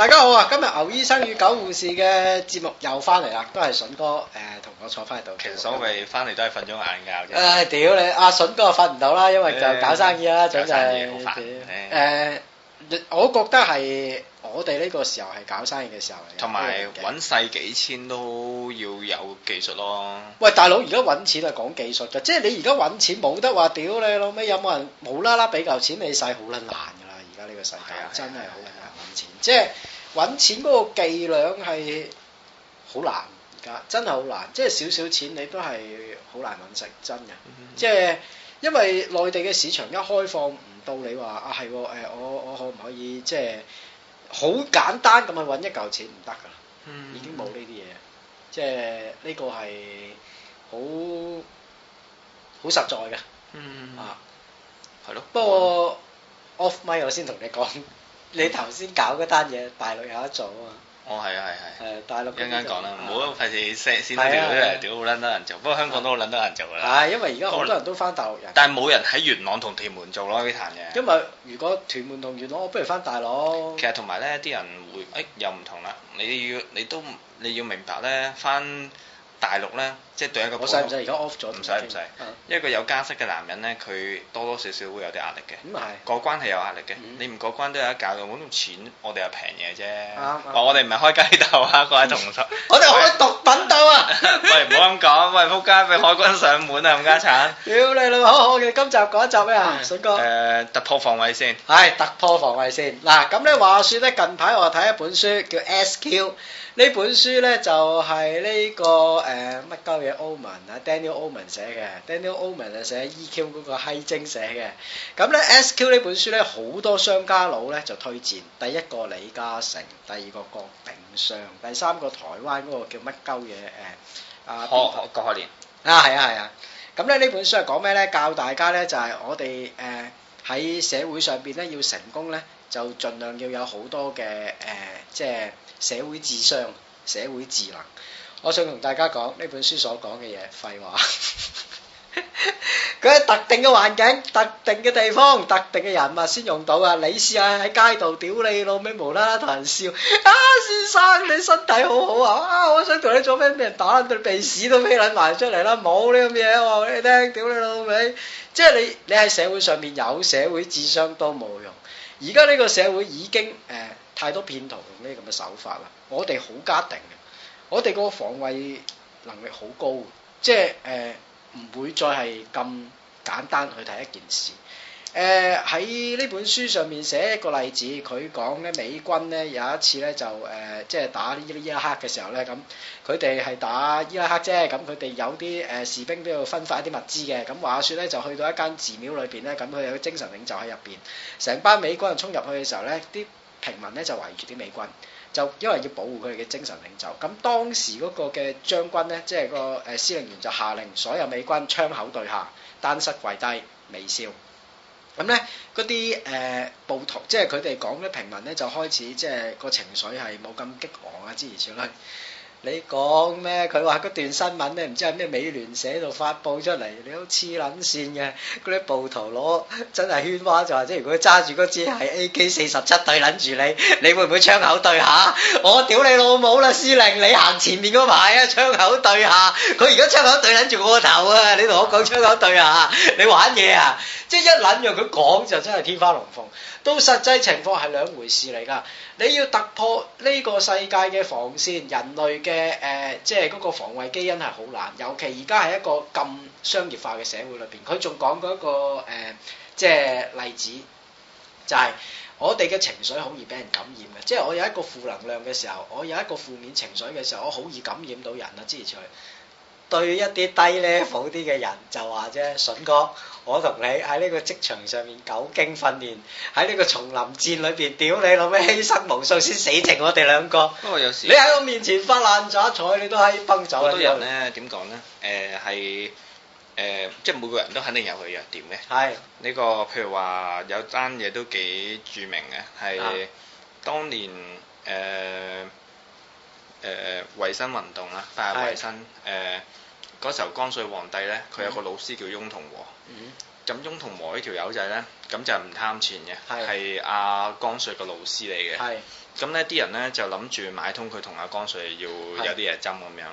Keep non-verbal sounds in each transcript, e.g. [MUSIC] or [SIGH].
大家好啊！今日牛醫生與狗護士嘅節目又翻嚟啦，都係筍哥誒同我坐翻喺度。其實所謂翻嚟都係瞓咗個晏覺啫。誒屌你！阿筍哥又瞓唔到啦，因為就搞生意啦，總係誒，我覺得係我哋呢個時候係搞生意嘅時候嚟。同埋揾細幾千都要有技術咯。喂，大佬，而家揾錢係講技術㗎，即係你而家揾錢冇得話屌你老尾，有冇人冇啦啦俾嚿錢你使好撚難㗎啦！而家呢個世界真係好撚難揾錢，即係。揾錢嗰個伎倆係好難，而家真係好難，即係少少錢你都係好難揾食，真嘅。嗯嗯、即係因為內地嘅市場一開放唔到你，你話啊係誒、呃，我我可唔可以即係好簡單咁去揾一嚿錢唔得噶，嗯、已經冇呢啲嘢，嗯、即係呢個係好好實在嘅，嗯、啊係咯。的不過、嗯、off mic 我先同你講。你頭先搞嗰單嘢，大陸有得做啊嘛！哦，係是啊，係係、啊，誒大陸陣間講啦，冇乜費事 send 先啦，屌都係，屌好撚多人做，不過香港都好撚多人做㗎啦。係，因為而家好多人都翻大陸我人，但係冇人喺元朗同屯門做咯呢壇嘢。因為如果屯門同元朗，我不如翻大陸。其實呢、哎、同埋咧，啲人會誒又唔同啦。你要你都你要明白咧，翻。大陸咧，即係對一個，我使唔使而家 off 咗？唔使唔使，啊、一個有家室嘅男人咧，佢多多少少會有啲壓力嘅。咁啊係，過關係有壓力嘅，嗯、你唔過關都有得搞，嘅。冇咁錢，我哋又平嘢啫。我我哋唔係開雞竇啊，過、啊、嚟、啊、同 [LAUGHS] 我哋，我哋開毒品。 [LAUGHS] 喂，唔好咁講，喂，撲街俾海軍上門啊，冚家鏟。屌你老母，好嘅今集講一集咩啊，水哥。誒，突破防衞線。係突破防衞線。嗱，咁咧話説咧，近排我睇一本書叫《S Q》，呢本書咧就係呢個誒乜鳩嘢 Oman 啊 Daniel Oman 寫嘅，Daniel Oman 啊寫 EQ 嗰個閪精寫嘅。咁咧《S Q》呢本書咧好多商家佬咧就推薦，第一個李嘉誠，第二個郭炳湘，第三個台灣嗰個叫乜鳩嘢？誒，啊，國學國學年啊，係啊係啊，咁咧、啊、呢本書係講咩咧？教大家咧就係、是、我哋誒喺社會上邊咧要成功咧，就盡量要有好多嘅誒、呃，即係社會智商、社會智能。我想同大家講呢本書所講嘅嘢，廢話。 [LAUGHS] 佢喺 [LAUGHS] 特定嘅環境、特定嘅地方、特定嘅人物先用到啊！你試下喺街度屌你老味，無啦啦同人笑啊！先生你身體好好啊！啊，我想同你做咩畀人打到鼻屎都飛撚埋出嚟啦！冇呢咁嘢我話你聽，屌你老味，即係你你喺社會上面有，社會，上有社會智商都冇用。而家呢個社會已經誒、呃、太多騙徒用呢咁嘅手法啦。我哋好家定嘅，我哋個防衞能力好高即係誒。呃唔會再係咁簡單去睇一件事。誒喺呢本書上面寫一個例子，佢講咧美軍咧有一次咧就誒即係打伊拉克嘅時候咧咁，佢哋係打伊拉克啫，咁佢哋有啲誒士兵都要分發一啲物資嘅，咁話説咧就去到一間寺廟裏邊咧，咁佢有個精神領袖喺入邊，成班美軍人衝入去嘅時候咧，啲平民咧就圍住啲美軍。就因為要保護佢哋嘅精神領袖，咁當時嗰個嘅將軍咧，即係個誒司令員就下令所有美軍槍口對下，單膝跪低微笑，咁咧嗰啲誒暴徒，即係佢哋講咧平民咧，就開始即係個情緒係冇咁激昂啊之類咁。你講咩？佢話嗰段新聞咧，唔知係咩美聯社度發布出嚟，你好似捻線嘅。嗰啲暴徒攞真係圈話就話，即係如果揸住嗰支係 A.K. 四十七對捻住你，你會唔會槍口對下？我屌你老母啦，司令！你行前面嗰排啊，槍口對下。佢而家槍口對捻住我個頭啊！你同我講槍口對下，你玩嘢啊？即係一捻住佢講就真係天花龍鳳。都實際情況係兩回事嚟噶。你要突破呢個世界嘅防線，人類嘅。嘅誒、呃，即係嗰個防衛基因係好難，尤其而家係一個咁商業化嘅社會裏邊，佢仲講過一個誒、呃，即係例子，就係、是、我哋嘅情緒好易俾人感染嘅，即係我有一個負能量嘅時候，我有一個負面情緒嘅時候，我好易感染到人啊，支持佢。對一啲低 level 啲嘅人就話啫，笋、嗯、哥，我同你喺呢個職場上面久經訓練，喺呢個叢林戰裏邊屌你老味，犧牲無數先死剩我哋兩個。不過、哦、有時你喺我面前發爛渣彩，你都可以崩走。多人咧，點講咧？誒、呃，係誒、呃，即係每個人都肯定有佢弱點嘅。係呢是、這個，譬如話有單嘢都幾著名嘅，係當年誒誒、呃呃呃、衛生運動啦，八月衛生誒。是嗰時候光緒皇帝咧，佢有個老師叫翁同和。咁、嗯、翁同和呢條友仔係咧，咁就唔貪錢嘅，係阿、啊啊、光緒嘅老師嚟嘅。係是。咁咧啲人咧就諗住買通佢同阿光緒要有啲嘢針咁樣，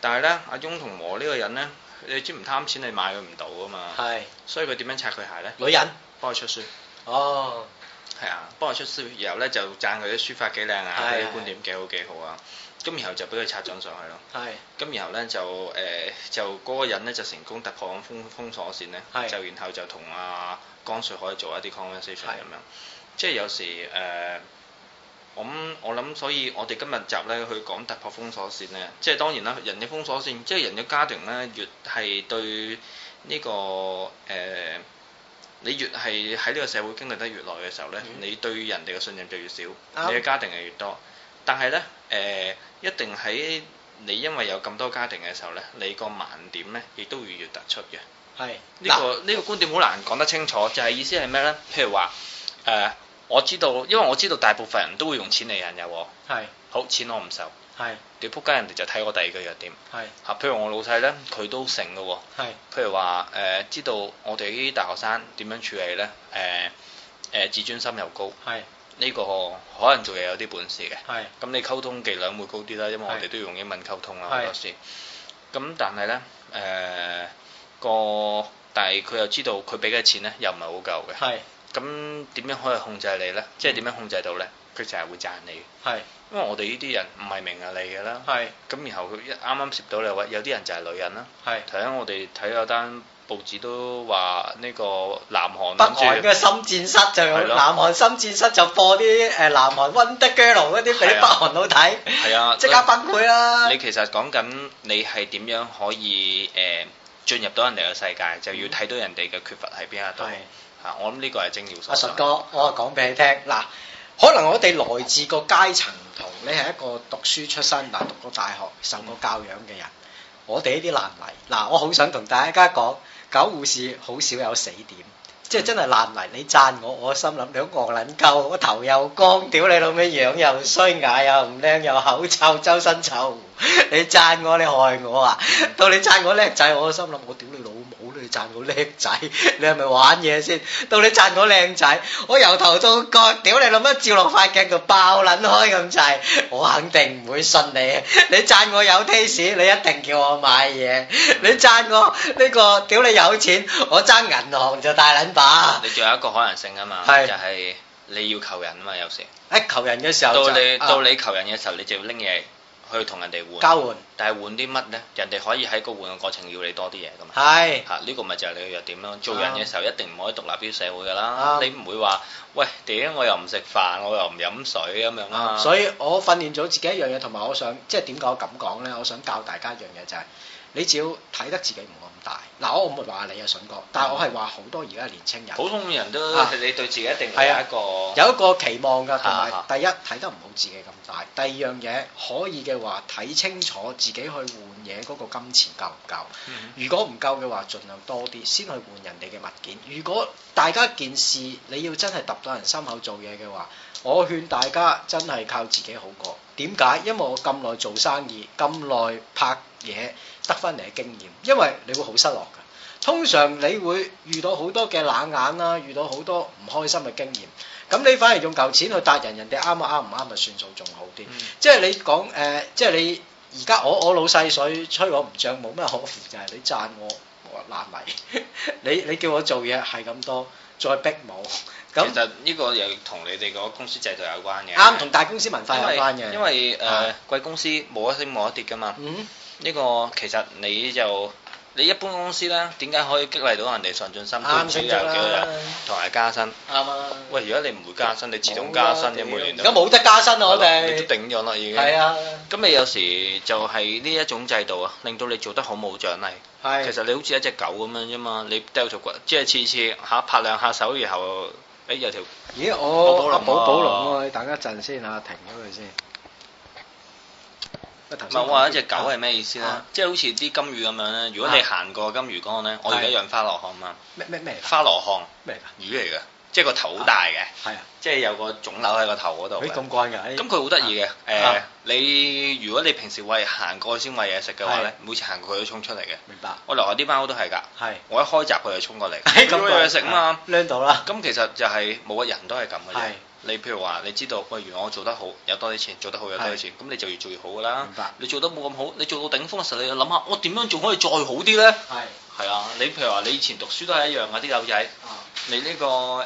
但係咧阿翁同和呢個人咧，你知唔貪錢你買佢唔到啊嘛。係是。所以佢點樣拆佢鞋咧？女人。幫佢出書。哦。係啊，幫佢出書，然後咧就贊佢啲書法幾靚啊，佢啲觀點幾好幾好啊。咁然後就俾佢拆獎上去咯，係咁的然後咧就誒、呃、就嗰個人咧就成功突破緊封封鎖線咧，的就然後就同阿、啊、江水海做一啲 conversation 咁的樣，即係有時誒，咁、呃、我諗，我所以我哋今日集咧去講突破封鎖線咧，即係當然啦，人嘅封鎖線，即係人嘅家庭咧，越係對呢、這個誒、呃，你越係喺呢個社會經歷得越耐嘅時候咧，嗯、你對人哋嘅信任就越少，嗯、你嘅家庭係越多，但係咧。誒、呃，一定喺你因為有咁多家庭嘅時候咧，你個盲點咧亦都會越突出嘅。係呢是、這個呢、呃、個觀點好難講得清楚，就係、是、意思係咩咧？譬如話誒、呃，我知道，因為我知道大部分人都會用錢嚟引誘我。係是好，錢我唔受。係你仆街，人哋就睇我第二個弱點。係吓是，譬如我老細咧，佢都成嘅係是譬如話誒、呃，知道我哋呢啲大學生點樣處理咧？誒、呃、誒、呃呃，自尊心又高。係是。呢、這個可能做嘢有啲本事嘅，咁是、嗯、你溝通伎倆會高啲啦，因為我哋都要用英文溝通啊，好多時是。咁但係呢誒個，但係佢、呃、又知道佢俾嘅錢呢又唔係好夠嘅，咁點樣可以控制你呢？即係點樣控制到呢？佢就係會賺你，是因為我哋呢啲人唔係名人嚟嘅啦。咁是然後佢一啱啱攝到你話，有啲人就係女人啦。頭先是我哋睇咗單。報紙都話呢個南韓北韓嘅心戰室，就南韓心戰室就播啲誒南韓《Wonder Girls》嗰啲俾北韓佬睇，係啊，即刻崩潰啦！你其實講緊你係點樣可以誒、呃、進入到人哋嘅世界，就要睇到人哋嘅缺乏喺邊一度。係、嗯、我諗呢個係精要所在阿實、啊、哥， [LAUGHS] 我講俾你聽嗱，可能我哋來自個階層同，你係一個讀書出身嗱，讀過大學、受過教養嘅人，嗯、我哋呢啲爛泥嗱，我好想同大家講。狗護士好少有死點，即係真係爛泥。你讚我，我心諗你惡撚鳩，我頭又光，屌你老味，樣又衰牙又唔靚，又口臭，周身臭。你讚我，你害我啊！ [LAUGHS] 到你讚我叻仔，我心諗我屌你老母，你讚我叻仔，你係咪玩嘢先？到你讚我靚仔，我由頭到腳屌你老母！照落塊鏡度爆撚開咁滯，我肯定唔會信你。 [LAUGHS] 你讚我有 Taste，你一定叫我買嘢。 [LAUGHS] 你讚我呢、這個屌你有錢，我爭銀行就大撚把。你仲有一個可能性啊嘛，是就係你要求人啊嘛，有時喺、欸、求人嘅時候，到你、嗯、到你求人嘅時候，你就要拎嘢。去同人哋換，交換換，但係換啲乜咧？人哋可以喺個換嘅過程要你多啲嘢，咁嘛？係是，嚇呢、啊，這個咪就係你嘅弱點咯。做人嘅時候一定唔可以獨立於社會噶啦。嗯、你唔會話，喂，點解我又唔食飯，我又唔飲水咁樣啊、嗯？所以我訓練咗自己一樣嘢，同埋我想即係點解我咁講咧，我想教大家一樣嘢就係、是，你只要睇得自己唔好。大嗱，我唔會話你啊，筍哥，但係我係話好多而家年青人，普通人都、啊、你對自己一定係有一個、啊、有一個期望㗎，同埋第一睇得唔好自己咁大，第二樣嘢可以嘅話睇清楚自己去換嘢嗰個金錢夠唔夠？如果唔夠嘅話，盡量多啲先去換人哋嘅物件。如果大家件事你要真係揼到人心口做嘢嘅話，我勸大家真係靠自己好過。點解？因為我咁耐做生意，咁耐拍嘢。得翻嚟嘅經驗，因為你會好失落㗎。通常你會遇到好多嘅冷眼啦、啊，遇到好多唔開心嘅經驗。咁你反而用嚿錢去揼人，人哋啱啊啱唔啱咪算數仲好啲、嗯呃。即係你講誒，即係你而家我我老細水吹我唔脹，冇咩可負責任，你讚我爛泥，迷 [LAUGHS] 你你叫我做嘢係咁多，再逼我。其實呢個又同你哋個公司制度有關嘅。啱，同大公司文化有關嘅。因為誒貴、呃嗯、公司冇得升冇得跌噶嘛。嗯。呢個其實你就你一般公司咧，點解可以激勵到人哋上進心？啱先做啦，同埋加薪。啱啊！喂，如果你唔會加薪，你自動加薪嘅每年都而家冇得加薪我哋都頂咗啦，已經。係啊！咁你有時就係呢一種制度啊，令到你做得好冇獎勵。係。其實你好似一隻狗咁樣啫嘛，你掉條骨，即係次次嚇拍兩下手然後，哎有條咦我阿寶寶龍，你等一陣先嚇，停咗佢先。唔係我話一隻狗係咩意思咧？即係好似啲金魚咁樣咧。如果你行過金魚缸咧，我而家養花羅漢嘛。咩咩咩？花羅漢咩嚟㗎？魚嚟嘅，即係個頭好大嘅。係啊，即係有個腫瘤喺個頭嗰度。咁怪㗎？咁佢好得意嘅。誒，你如果你平時喂行過先餵嘢食嘅話咧，每次行過去都衝出嚟嘅。明白。我樓下啲貓都係㗎。係。我一開閘佢就衝過嚟。咁攞嘢食啊嘛，躝到啦。咁其實就係冇個人都係咁嘅樣。你譬如話，你知道喂，如果我做得好，有多啲錢；做得好，有多啲錢。咁是你就越做越好噶啦。明白。你做得冇咁好，你做到頂峰嘅時候，你要諗下，我點樣仲可以再好啲咧？係係是啊！你譬如話，你以前讀書都係一樣啊，啲友仔。你呢個誒，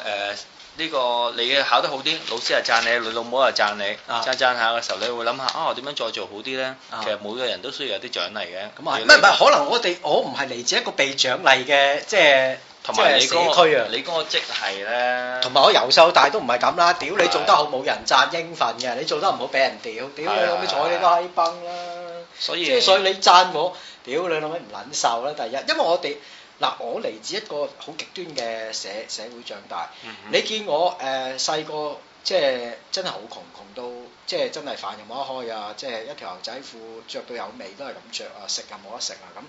呢個你嘅考得好啲，老師啊讚你，你老母啊讚你，讚讚、啊、下嘅時候，你會諗下啊，點樣再做好啲咧？啊、其實每個人都需要有啲獎勵嘅。咁啊，唔係唔係，可能我哋我唔係嚟自一個被獎勵嘅，即、就、係、是。.同埋你嗰、那、啊、個，區你嗰個職係咧。同埋我由細到大都唔係咁啦，的屌你做得好冇人贊英憤嘅，你做得唔好俾人屌，的屌你老味坐你個閪崩啦。所以即係所以你贊我，屌你老味唔撚受啦。第一，因為我哋嗱我嚟、呃、自一個好極端嘅社社會長大，嗯、哼你見我誒細個即係真係好窮，窮到即係真係飯又冇得開啊，即係一條牛仔褲着到有味都係咁着啊，食又冇得食啊咁，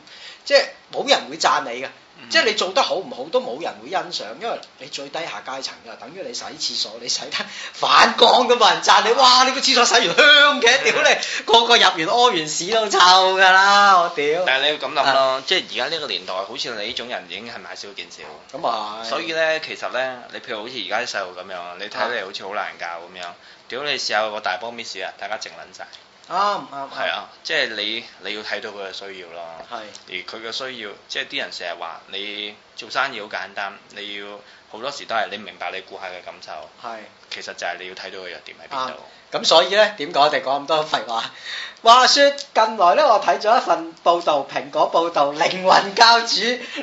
即係冇人，人會贊你嘅。嗯、即係你做得好唔好都冇人會欣賞，因為你最低下階層㗎，等於你洗廁所，你洗得反光咁，冇人讚你，哇！你個廁所洗完香嘅，屌的你個個入完屙完屎都臭㗎啦，我屌！但係你要咁諗咯，啊、即係而家呢個年代，好似你呢種人已經係買少見少，咁啊！所以咧，其實咧，你譬如好似而家啲細路咁樣，你睇你好似好難教咁樣，屌、啊啊、你試下個大波 miss 啊，大家靜撚晒。啱啱係啊，即、啊、係、啊啊就是、你你要睇到佢嘅需要咯，係是而佢嘅需要，即係啲人成日話你做生意好簡單，你要好多時都係你明白你顧客嘅感受，係是其實就係你要睇到個弱點喺邊度。咁、啊、所以咧，點解我哋講咁多廢話？話說近來咧，我睇咗一份報道，蘋果報道，靈魂教主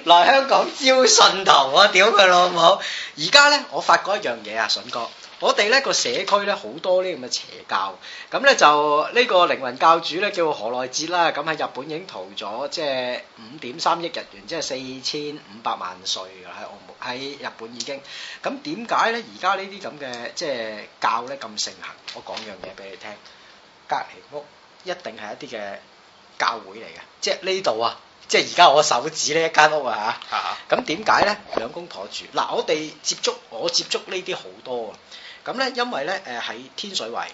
來香港招信徒，我屌佢老母！而家咧，我發覺一樣嘢啊，笋哥。我哋咧個社區咧好多呢咁嘅邪教，咁咧就呢個靈魂教主咧叫何奈哲啦，咁喺日本已經逃咗，即係五點三億日元，即係四千五百萬稅喺澳喺日本已經。咁點解咧？而家呢啲咁嘅即係教咧咁盛行？我講樣嘢俾你聽，隔離屋一定係一啲嘅教會嚟嘅，即係呢度啊。即係而家我手指呢一間屋啊嚇，咁點解咧？兩公婆住嗱，我哋接觸我接觸呢啲好多啊。咁咧，因為咧誒喺天水圍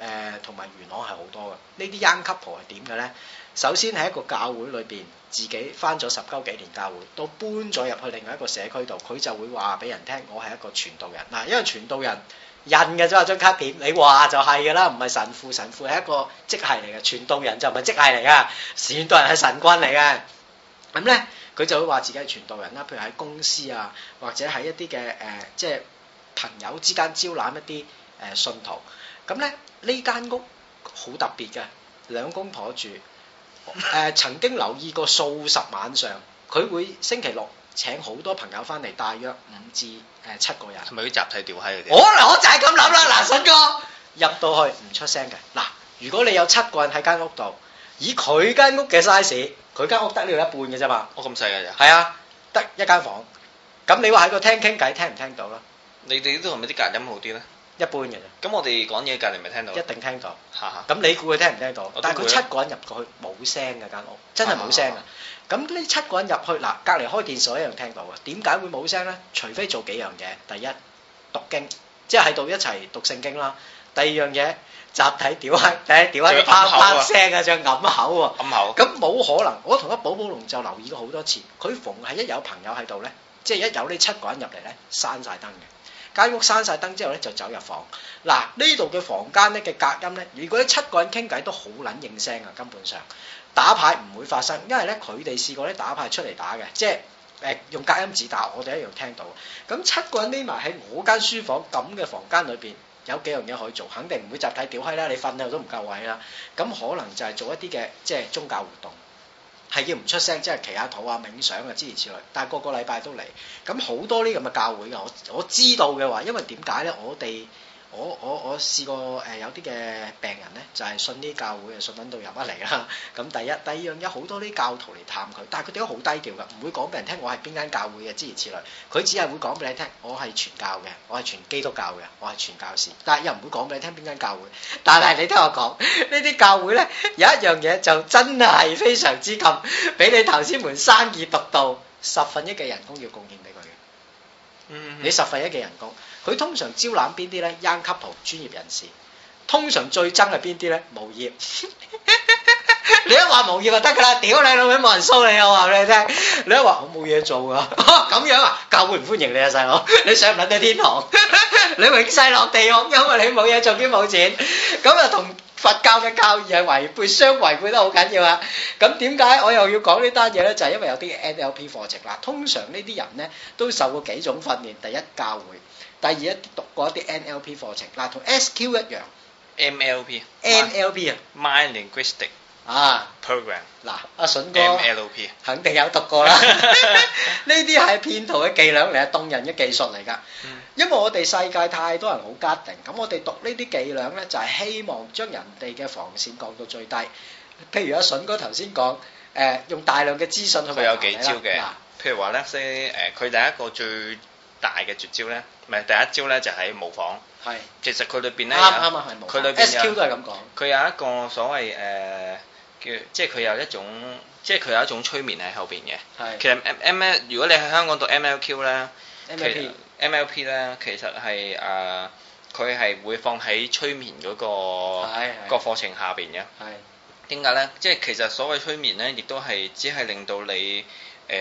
誒同埋元朗係好多嘅呢啲恩級婆係點嘅咧？首先喺一個教會裏邊，自己翻咗十鳩幾年教會，到搬咗入去另外一個社區度，佢就會話俾人聽：我係一個傳道人嗱。因為傳道人印嘅啫嘛張卡片，你話就係㗎啦，唔係神父，神父係一個職系嚟嘅，傳道人就唔係職係嚟嘅，傳道人係神君嚟嘅。咁咧，佢、嗯、就會話自己係傳道人啦。譬如喺公司啊，或者喺一啲嘅誒，即係朋友之間招攬一啲誒、呃、信徒。咁、嗯、咧，呢間屋好特別嘅，兩公婆住。誒、呃、曾經留意過數十晚上，佢會星期六請好多朋友翻嚟，大約五至誒七個人。係咪啲集體吊閪嗰啲？我我就係咁諗啦，嗱，神哥入到去唔出聲嘅。嗱，如果你有七個人喺間屋度。以佢間屋嘅 size，佢間屋得呢度一半嘅啫嘛。屋咁細嘅咋？係啊，得一間房。咁你話喺個廳傾偈聽唔聽到啦？你哋呢度咪啲隔音好啲咧？一般嘅咋。咁我哋講嘢隔籬咪聽到？一定聽到。吓吓。咁你估佢聽唔聽到？但係佢七個人入過去冇聲嘅間屋，真係冇聲啊！咁呢七個人入去嗱，隔籬開電視一樣聽到啊！點解會冇聲咧？除非做幾樣嘢。第一，讀經，即係喺度一齊讀聖經啦。第二樣嘢。集體屌閪，第一屌閪，啪啪聲啊，就噏口、啊，噏口、啊，咁冇可能。我同阿寶寶龍就留意咗好多次，佢逢係一有朋友喺度咧，即係一有呢七個人入嚟咧，閂晒燈嘅間屋，閂晒燈之後咧就走入房。嗱，呢度嘅房間咧嘅隔音咧，如果呢七個人傾偈都好撚應聲啊，根本上打牌唔會發生，因為咧佢哋試過咧打牌出嚟打嘅，即係誒、呃、用隔音紙打，我哋一樣聽到。咁七個人匿埋喺我間書房咁嘅房間裏邊。有幾樣嘢，可以做，肯定唔會集體屌閪啦，你瞓喺度都唔夠位啦，咁可能就係做一啲嘅，即係宗教活動，係要唔出聲，即係祈下禱啊、冥想啊諸如此類。但係個個禮拜都嚟，咁好多呢咁嘅教會嘅，我我知道嘅話，因為點解咧？我哋我我我試過誒、呃，有啲嘅病人咧，就係、是、信啲教會啊，信到入啊嚟啦。咁第一、第二樣嘢，好多啲教徒嚟探佢，但係佢哋都好低調噶，唔會講俾人聽我係邊間教會嘅，諸如此類。佢只係會講俾你聽，我係傳教嘅，我係傳基督教嘅，我係傳，傳教士。但係又唔會講俾你聽邊間教會。但係你聽我講，呢啲教會咧有一樣嘢就真係非常之冚，俾你頭先門生意獨到，十分一嘅人工要貢獻俾佢嘅。嗯。你十分一嘅人工。佢通常招攬邊啲咧？young couple，專業人士，通常最憎係邊啲咧？無業。你一話無業就得㗎啦，屌你老味冇人收你，我話畀你聽。你一話我冇嘢做啊，嚇咁樣啊？教會唔歡迎你啊，細佬，你上唔到天堂。你永世落地獄，因為你冇嘢做兼冇錢。咁啊同。佛教嘅教義係違背相違背得好緊要啊！咁點解我又要講呢單嘢咧？就係因為有啲 NLP 課程啦。通常呢啲人咧都受過幾種訓練：第一教會，第二讀過一啲 NLP 課程啦，同 SQ 一樣。NLP。NLP 啊。Mind Linguistic 啊。Program。嗱，阿筍哥。NLP。肯定有讀過啦。呢啲係騙徒嘅伎倆嚟，動人嘅技術嚟㗎。因為我哋世界太多人好家庭，t 咁我哋讀呢啲伎倆咧，就係、是、希望將人哋嘅防線降到最低。譬如阿筍哥頭先講，誒、呃、用大量嘅資訊去模仿。佢有幾招嘅，譬吧如話咧誒佢第一個最大嘅絕招咧，唔係、呃、第一招咧就喺模仿。係。其實佢裏邊咧，啱啱啊係模仿。S Q 都係咁講。佢有一個所謂誒叫，即係佢有一種，即係佢有一種催眠喺後邊嘅。係是。其實 M, M, M L 如果你喺香港讀 M L Q 咧 Q M L P 咧，其實係誒，佢、呃、係會放喺催眠嗰、那個個課程下邊嘅。係點解咧？呢即係其實所謂催眠咧，亦都係只係令到你誒、呃，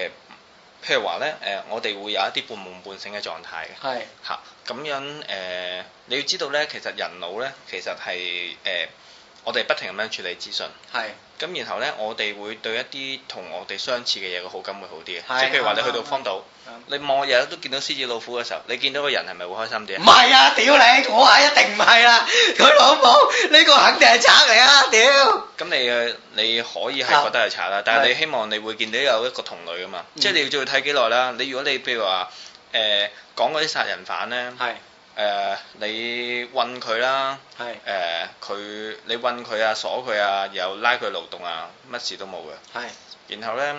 譬如話咧誒，我哋會有一啲半夢半醒嘅狀態嘅。係嚇咁樣誒、呃，你要知道咧，其實人腦咧，其實係誒。呃我哋不停咁樣處理資訊，係咁是然後呢，我哋會對一啲同我哋相似嘅嘢嘅好感會好啲嘅。是即係譬如話你去到荒島，你望日日都見到獅子老虎嘅時候，你見到個人係咪會開心啲？唔係啊！屌你，我話一定唔係啊！佢老母呢個肯定係賊嚟啊！屌！咁你你可以係覺得係賊啦，的但係你希望你會見到有一個同類噶嘛？的即係你要再睇幾耐啦。你如果你譬如話誒講嗰啲殺人犯呢。係。誒、呃、你韞佢啦，係誒佢你韞佢啊，鎖佢啊，又拉佢勞動啊，乜事都冇嘅，係。然後咧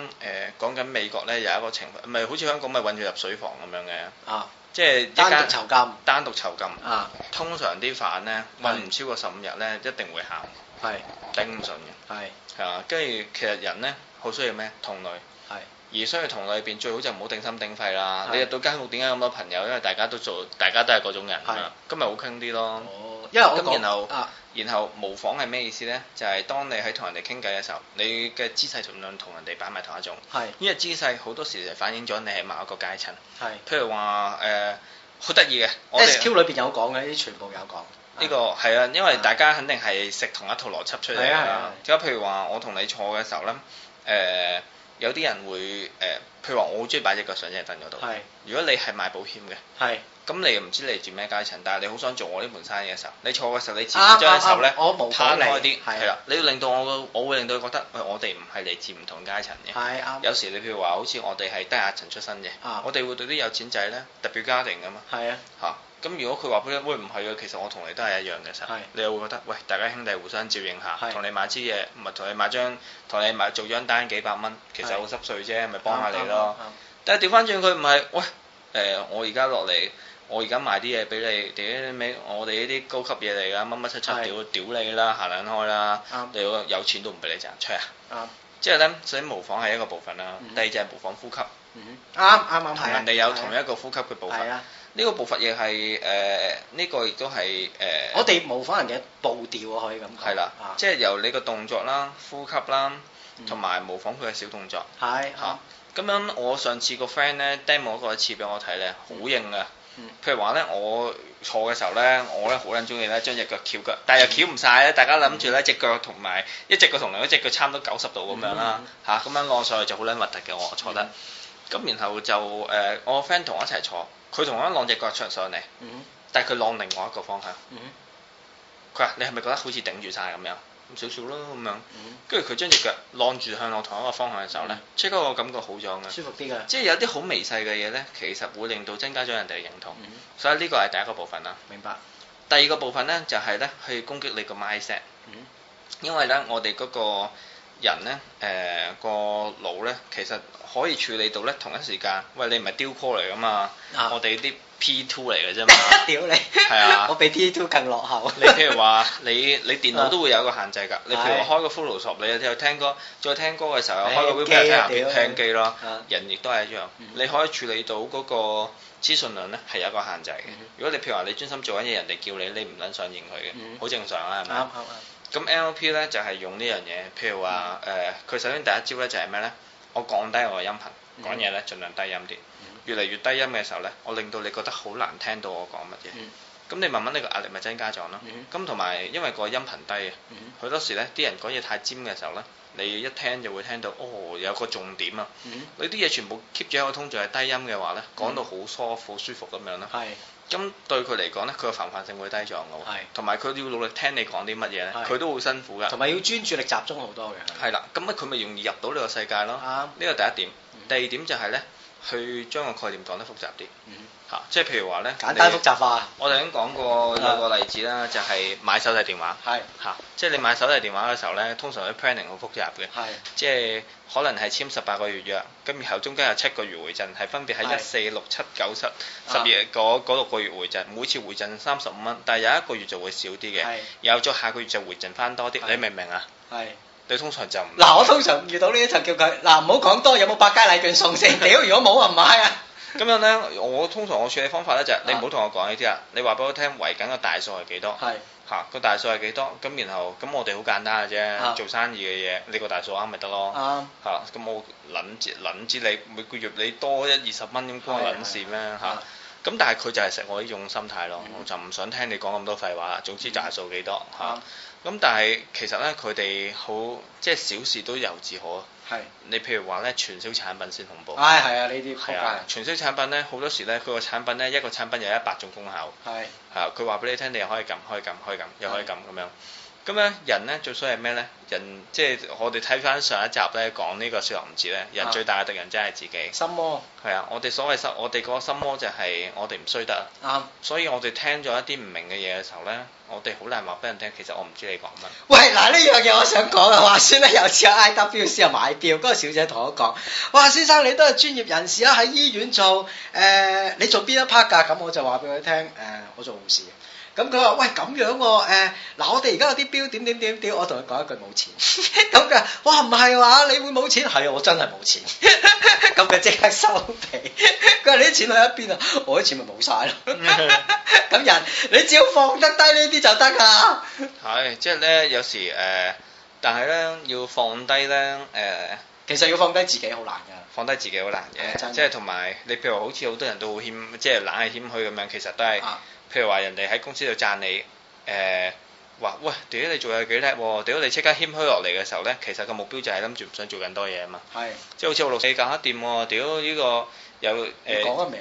誒講緊美國咧有一個情況，咪、呃、好似香港咪韞住入水房咁樣嘅、啊，啊，即係單獨囚禁，單獨囚禁，啊，通常啲犯咧韞唔超過十五日咧一定會喊，係頂唔順嘅，係係啊，跟住是是其實人咧好需要咩同類，係。而所以同裏邊最好就唔好定心定肺啦。你入到間屋點解咁多朋友？因為大家都做，大家都係嗰種人啊。咁咪好傾啲咯。哦，因為咁，然後模仿係咩意思呢？就係當你喺同人哋傾偈嘅時候，你嘅姿勢儘量同人哋擺埋同一種。係，呢個姿勢好多時就反映咗你係某一個階層。係，譬如話誒，好得意嘅。S Q 裏邊有講嘅，呢啲全部有講。呢個係啊，因為大家肯定係食同一套邏輯出嚟啦。即係譬如話，我同你坐嘅時候呢。誒。有啲人會誒、呃，譬如話我好中意擺隻腳上隻凳喺度。係是，如果你係賣保險嘅，係是，咁你又唔知你住咩階層，但係你好想做我呢門生意嘅時候，你坐嘅時候呢、啊啊啊、你自己將隻手咧攤開啲，係啦、啊啊，你要令到我，我會令到佢覺得，誒，我哋唔係嚟自唔同階層嘅。係、啊，啱。有時你譬如話，好似我哋係低下層出身嘅，啊、我哋會對啲有錢仔咧，特別家庭咁嘛。係啊，嚇、啊。咁如果佢話杯一杯唔係嘅，其實我同你都係一樣嘅，其實你又會覺得，喂，大家兄弟互相照應下，同你買支嘢，唔係同你買張，同你買做張單幾百蚊，其實好濕碎啫，咪幫下你咯。但係調翻轉佢唔係，喂，誒，我而家落嚟，我而家買啲嘢俾你，屌你，我哋呢啲高級嘢嚟㗎，乜乜七七屌屌你啦，行兩開啦，你有錢都唔俾你賺出嚟啊？即係咧，所以模仿係一個部分啦，第二隻係模仿呼吸，啱啱人哋有同一個呼吸嘅部分。呢個步伐亦係誒，呢個亦都係誒。我哋模仿人嘅步調可以咁講。係啦，即係由你個動作啦、呼吸啦，同埋模仿佢嘅小動作。係嚇咁樣，我上次個 friend 咧，demo 過一次俾我睇咧，好型嘅。譬如話咧，我坐嘅時候咧，我咧好撚中意咧，將隻腳翹腳，但係又翹唔晒咧，大家諗住咧，隻腳同埋一隻腳同另一隻腳差唔多九十度咁樣啦嚇，咁樣落上去就好撚核突嘅。我坐得咁，然後就誒，我個 friend 同我一齊坐，佢同我一攞隻腳出上嚟，嗯、但係佢攞另外一個方向。佢話、嗯：你係咪覺得好似頂住晒咁樣？少少啦咁樣。跟住佢將隻腳攞住向落同一個方向嘅時候咧，即係嗰個感覺好咗嘅，舒服啲㗎。即係有啲好微細嘅嘢咧，其實會令到增加咗人哋嘅認同，嗯、所以呢個係第一個部分啦。明白。第二個部分咧就係咧去攻擊你個 mindset、嗯、因為咧我哋嗰、那個。人咧，誒個腦咧，其實可以處理到咧同一時間。喂，你唔係 dual core 嚟㗎嘛，我哋啲 P two 嚟嘅啫嘛。屌你！係啊，我比 P two 更落後。你譬如話，你你電腦都會有一個限制㗎。你譬如我開個 Photoshop 你又聽歌，再聽歌嘅時候又開個 V R 聽下邊聽機咯。人亦都係一樣，你可以處理到嗰個資訊量咧係有一個限制嘅。如果你譬如話你專心做緊嘢，人哋叫你，你唔撚想應佢嘅，好正常啊，係咪？啱啱。咁 LP 咧就係、是、用呢樣嘢，譬如話誒，佢、呃、首先第一招咧就係咩咧？我降低我嘅音頻，講嘢咧盡量低音啲，越嚟越低音嘅時候咧，我令到你覺得好難聽到我講乜嘢，咁、嗯、你慢慢呢個壓力咪增加咗咯。咁同埋因為個音頻低啊，好、嗯、多時咧啲人講嘢太尖嘅時候咧，你一聽就會聽到哦有個重點啊。嗯、你啲嘢全部 keep 住一個通脹係低音嘅話咧，講到好疏好舒服咁樣咯。嗯咁對佢嚟講咧，佢嘅防範性會低咗嘅，同埋佢要努力聽你講啲乜嘢咧，佢的都好辛苦嘅，同埋要專注力集中好多嘅。係啦，咁啊佢咪容易入到呢個世界咯。呢個的第一點，第二點就係咧，嗯、去將個概念講得複雜啲。嗯嚇，即係譬如話咧，簡單複雜化。我頭先講過有個例子啦，就係買手提電話。係。嚇，即係你買手提電話嘅時候咧，通常啲 planning 好複雜嘅。係。即係可能係簽十八個月約，咁然後中間有七個月回贈，係分別喺一四六七九十十二嗰六個月回贈，每次回贈三十五蚊，但係有一個月就會少啲嘅。係。有咗下個月就回贈翻多啲，你明唔明啊？係。你通常就唔。嗱，我通常遇到呢一層就叫佢，嗱唔好講多，有冇百佳禮券送先？屌，如果冇啊，唔買啊！咁樣咧，我通常我處理方法咧就係你唔好同我講呢啲啦，你話俾我聽圍緊個大數係幾多，係嚇個大數係幾多，咁然後咁、嗯、我哋好簡單嘅啫，啊、做生意嘅嘢你個大數啱咪得咯，啱嚇，咁我諗住捻之你每個月你多一二十蚊咁關事咩嚇？咁但係佢就係食我呢種心態咯，嗯、我就唔想聽你講咁多廢話啦。總之就係數幾多嚇。咁、嗯啊、但係其實咧，佢哋好即係小事都由自可。係是。你譬如話咧，傳銷產品先恐怖。係、哎、啊，呢啲係啊。傳銷產品咧，好多時咧，佢個產品咧，一個產品有一百種功效。係是。係佢話俾你聽，你又可以咁，可以咁，可以咁，又可以咁咁是樣。咁咧，人咧最衰係咩咧？人即係我哋睇翻上一集咧，講呢個《小王子》咧，人最大嘅敵人真係自己。心、啊、魔。係啊，我哋所謂失，我哋嗰個心魔就係我哋唔衰得。啱、啊。所以我哋聽咗一啲唔明嘅嘢嘅時候咧，我哋好難話俾人聽，其實我唔知你講乜。喂，嗱呢樣嘢我想講啊，話說咧，有次有 IWC 啊買錶，嗰、那個小姐同我講：，哇，先生你都係專業人士啊，喺醫院做，誒、呃，你做邊一 part 噶？咁我就話俾佢聽：，誒、呃，我做護士。咁佢話：喂，咁樣喎、啊，嗱，我哋而家有啲標點點點點，我同佢講一句冇錢咁嘅。 [LAUGHS] 哇，唔係話你會冇錢？係啊，我真係冇錢。咁佢即刻收皮。佢話：你啲錢去一邊啊，我啲錢咪冇晒咯。咁 [LAUGHS] 人你只要放得低呢啲就得㗎。係 [LAUGHS] ，即係咧，有時誒、呃，但係咧要放低咧誒，呃、其實要放低自己好難㗎。放低自己好難嘅，即係同埋你譬如好似好多人都好謙，即係懶係謙虛咁樣，其實都係。啊譬如話人哋喺公司度讚你，誒、呃、話喂屌你做嘢幾叻喎，屌你即刻謙虛落嚟嘅時候咧，其實個目標就係諗住唔想做咁多嘢啊嘛。係是。即係好似我六四搞、哦這個呃、一掂喎，屌呢個又誒。講個名，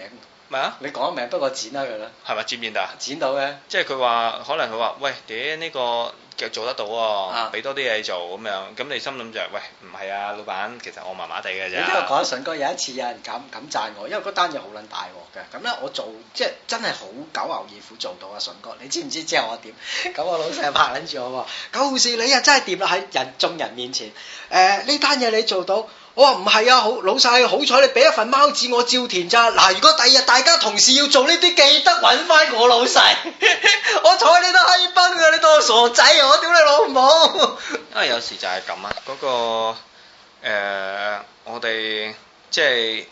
咪啊麼？你講個名，不過剪啦佢啦。係咪接面達？剪，剪到嘅。即係佢話，可能佢話，喂屌呢、這個。就做得到、哦，俾、啊、多啲嘢做咁樣，咁你心諗著，喂，唔係啊，老闆，其實我麻麻地嘅啫。因為講順哥有一次有人咁咁讚我，因為嗰單嘢好撚大鑊嘅，咁咧我做即係真係好九牛二虎做到啊，順哥，你知唔知之後我點？咁 [LAUGHS] 我老細拍撚住我，九舊時你又真係掂啦，喺人眾人面前，誒呢單嘢你做到。我話唔係啊，好老細，好彩你俾一份貓紙我照填咋嗱。如果第二日大家同事要做呢啲，記得搵翻我老細。 [LAUGHS] 我睬你都閪崩啊！你當我傻仔，啊，我屌你老母！因為啊，有時就係咁啊。嗰、那個誒、呃，我哋即係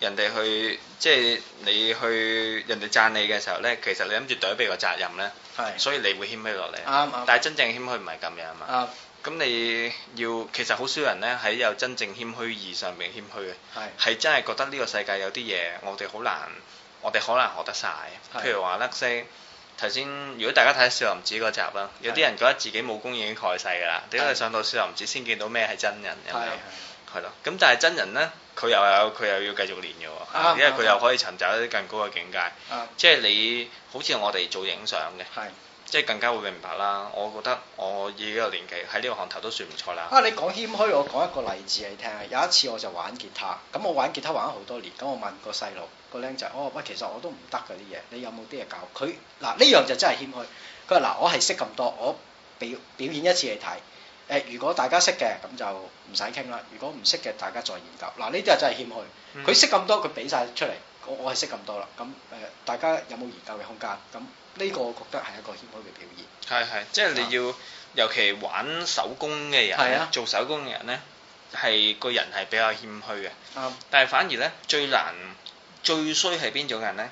人哋去，即係你去人哋讚你嘅時候呢，其實你諗住懟俾個責任呢，係的，所以你會謙虛落嚟。啱啱的。但係真正謙虛唔係咁樣嘛。的咁你要其實好少人呢，喺有真正謙虛意義上面謙虛嘅，係真係覺得呢個世界有啲嘢我哋好難，我哋好難學得晒。譬如話，黑色頭先，如果大家睇少林寺嗰集啦，有啲人覺得自己武功已經蓋世㗎啦，點解你上到少林寺先見到咩係真人？係係係咯。咁但係真人呢，佢又有佢又要繼續練嘅喎，因為佢又可以尋找一啲更高嘅境界。即係你好似我哋做影相嘅。即係更加會明白啦！我覺得我依個年紀喺呢個行頭都算唔錯啦。啊，你講謙虛，我講一個例子你聽。有一次我就玩吉他，咁我玩吉他玩咗好多年，咁我問個細路個僆仔，我話喂、哦，其實我都唔得嗰啲嘢，你有冇啲嘢教佢？嗱呢、啊、樣就真係謙虛。佢話嗱，我係識咁多，我表表演一次你睇。誒，如果大家識嘅，咁就唔使傾啦。如果唔識嘅，大家再研究。嗱，呢啲就真係謙虛。佢識咁多，佢俾晒出嚟，我我係識咁多啦。咁誒，大家有冇研究嘅空間？咁呢個我覺得係一個謙虛嘅表現。係係，即係你要，尤其玩手工嘅人咧，係呀，做手工嘅人咧，係個人係比較謙虛嘅。啊！但係反而咧，最難、最衰係邊種人咧？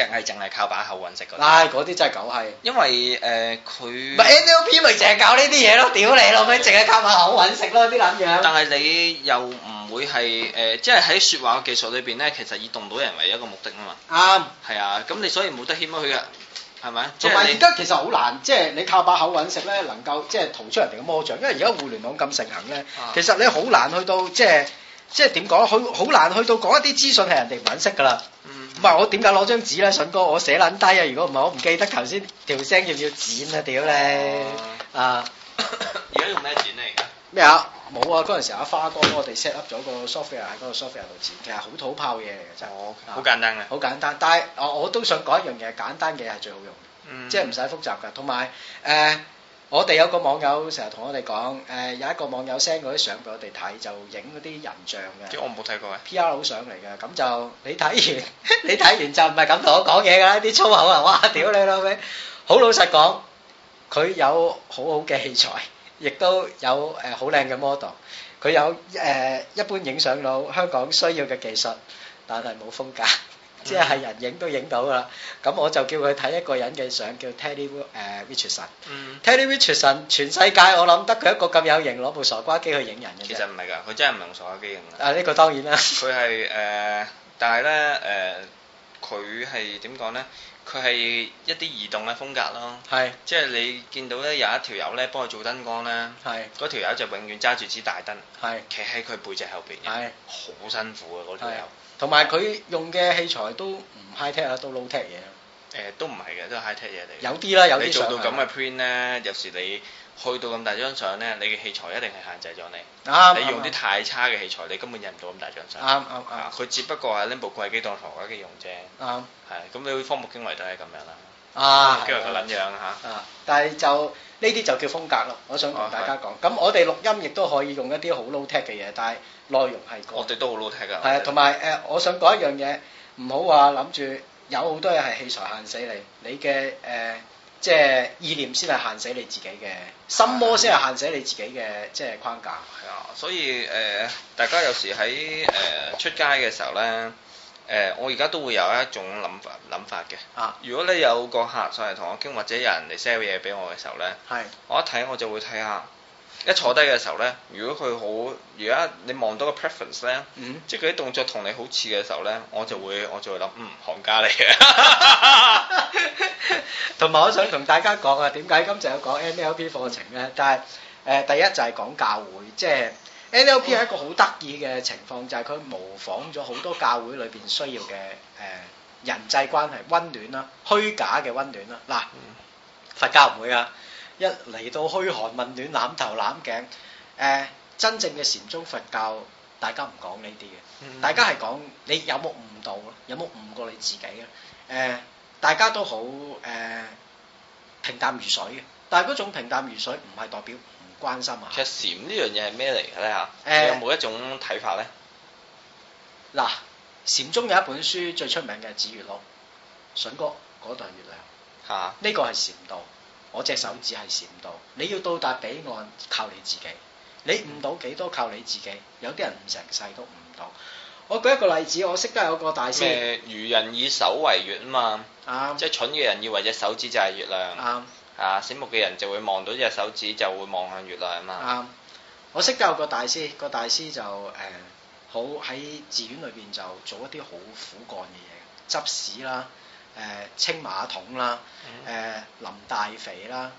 淨係淨係靠把口揾食嗰啲，係嗰啲真係狗係。因為誒佢唔係 NLP 咪淨係搞呢啲嘢咯，屌你 [LAUGHS] 咯，佢淨係靠把口揾食咯啲咁嘅。但係你又唔會係誒、呃，即係喺說話嘅技術裏邊咧，其實以動到人為一個目的啊嘛。啱、嗯，係啊，咁你所以冇得謙虛嘅，係咪？同埋而家其實好難，即係你靠把口揾食咧，能夠即係逃出人哋嘅魔掌，因為而家互聯網咁盛行咧，其實你好難去到即係即係點講，好好難去到講一啲資訊係人哋唔識噶啦。嗯唔係我點解攞張紙咧，筍哥我寫撚低啊！如果唔係我唔記得頭先條聲要唔要剪啊？屌你、嗯、啊！而家用咩剪咧？咩啊？冇啊！嗰陣時阿花哥幫我哋 set up 咗個 software 喺嗰個 software 度剪，其實好土炮嘢嚟嘅真係，好、哦啊、簡單嘅。好簡單，但係我我都想講一樣嘢，簡單嘢係最好用，即係唔使複雜㗎。同埋誒。呃我哋有個網友成日同我哋講，誒有一個網友 send 嗰啲相俾我哋睇，就影嗰啲人像嘅。我冇睇過呀。P.R. 好相嚟㗎，咁就你睇完，你睇完就唔係咁同我講嘢㗎啦，啲粗口啊！哇，屌你老味！好老實講，佢有好好嘅器材，亦都有誒好靚嘅 model，佢有誒一般影相佬香港需要嘅技術，但係冇風格。即係人影都影到噶啦，咁我就叫佢睇一個人嘅相，叫 Terry、呃、Richardson。Richardson 嗯、Terry Richardson，全世界我諗得佢一個咁有型，攞部傻瓜機去影人嘅。其實唔係㗎，佢真係唔用傻瓜機影㗎。啊，呢、呢個當然啦。佢係誒，但係咧誒，佢係點講咧？佢係一啲移動嘅風格咯。係是。即係你見到咧有一條友咧幫佢做燈光咧。係是。嗰條友就永遠揸住支大燈。係是。企喺佢背脊後邊。係是。好是辛苦啊！嗰條友是。同埋佢用嘅器材都唔 high tech 啊、呃，都 low tech 嘢。誒，都唔係嘅，都 high tech 嘢嚟。有啲啦，有啲做到咁嘅 print 咧的，有時你去到咁大張相咧，你嘅器材一定係限制咗你。啱的。你用啲太差嘅器材，的你根本印唔到咁大張相。啱啱啱。佢只不過係拎部貴機當台機用啫。啱的。係，咁你會科目經維都係咁樣啦。啊，跟住個撚樣啊，但係就呢啲就叫風格咯。我想同大家講，咁、啊、我哋錄音亦都可以用一啲好 low tech 嘅嘢，但係內容係、講、我哋都好 low tech 噶。係啊的，同埋誒，我想講一樣嘢，唔好話諗住有好多嘢係器材限死你，的你嘅誒即係意念先係限死你自己嘅心魔，先係限死你自己嘅即係框架。係啊，所以誒、呃，大家有時喺誒、呃、出街嘅時候咧。誒、呃，我而家都會有一種諗法諗法嘅。啊，如果你有個客上嚟同我傾，或者有人嚟 sell 嘢俾我嘅時候咧，係是，我一睇我就會睇下，一坐低嘅時候咧，如果佢好，而家你望到個 preference 咧，嗯、即係佢啲動作同你好似嘅時候咧，我就會我就會諗，嗯，行家嚟嘅。同 [LAUGHS] 埋 [LAUGHS] 我想同大家講啊，點解今集有講 MLP 課程咧？嗯、但係誒、呃，第一就係講教會，即、就、係、是。NLP 係、嗯、一個好得意嘅情況，就係、是、佢模仿咗好多教會裏邊需要嘅誒人際關係溫暖啦，虛假嘅溫暖啦。嗱、嗯，佛教唔會噶，一嚟到噓寒問暖，攬頭攬頸，誒、呃，真正嘅禪宗佛教大家唔講呢啲嘅，大家係講你有冇悟到咧？有冇悟過你自己咧？誒、呃，大家都好誒、呃、平淡如水嘅，但係嗰種平淡如水唔係代表。關心啊！其實禪呢樣嘢係咩嚟嘅咧嚇？有冇一種睇法咧？嗱，禪宗有一本書最出名嘅《指月錄》，筍哥嗰度係月亮，嚇呢、啊、個係禪道，我隻手指係禪道，你要到達彼岸靠你自己，你悟到幾多靠你自己，有啲人唔成世都悟唔到。我舉一個例子，我識得有個大師，愚人以手為月啊嘛，嗯、即係蠢嘅人以為隻手指就係月亮。嗯嗯。啊！醒目嘅人就會望到隻手指，就會望向月亮啊嘛。啱，我識得有個大師，個大師就誒、呃、好喺寺院裏邊就做一啲好苦幹嘅嘢，執屎啦，誒、呃、清馬桶啦，誒、呃、淋大肥啦，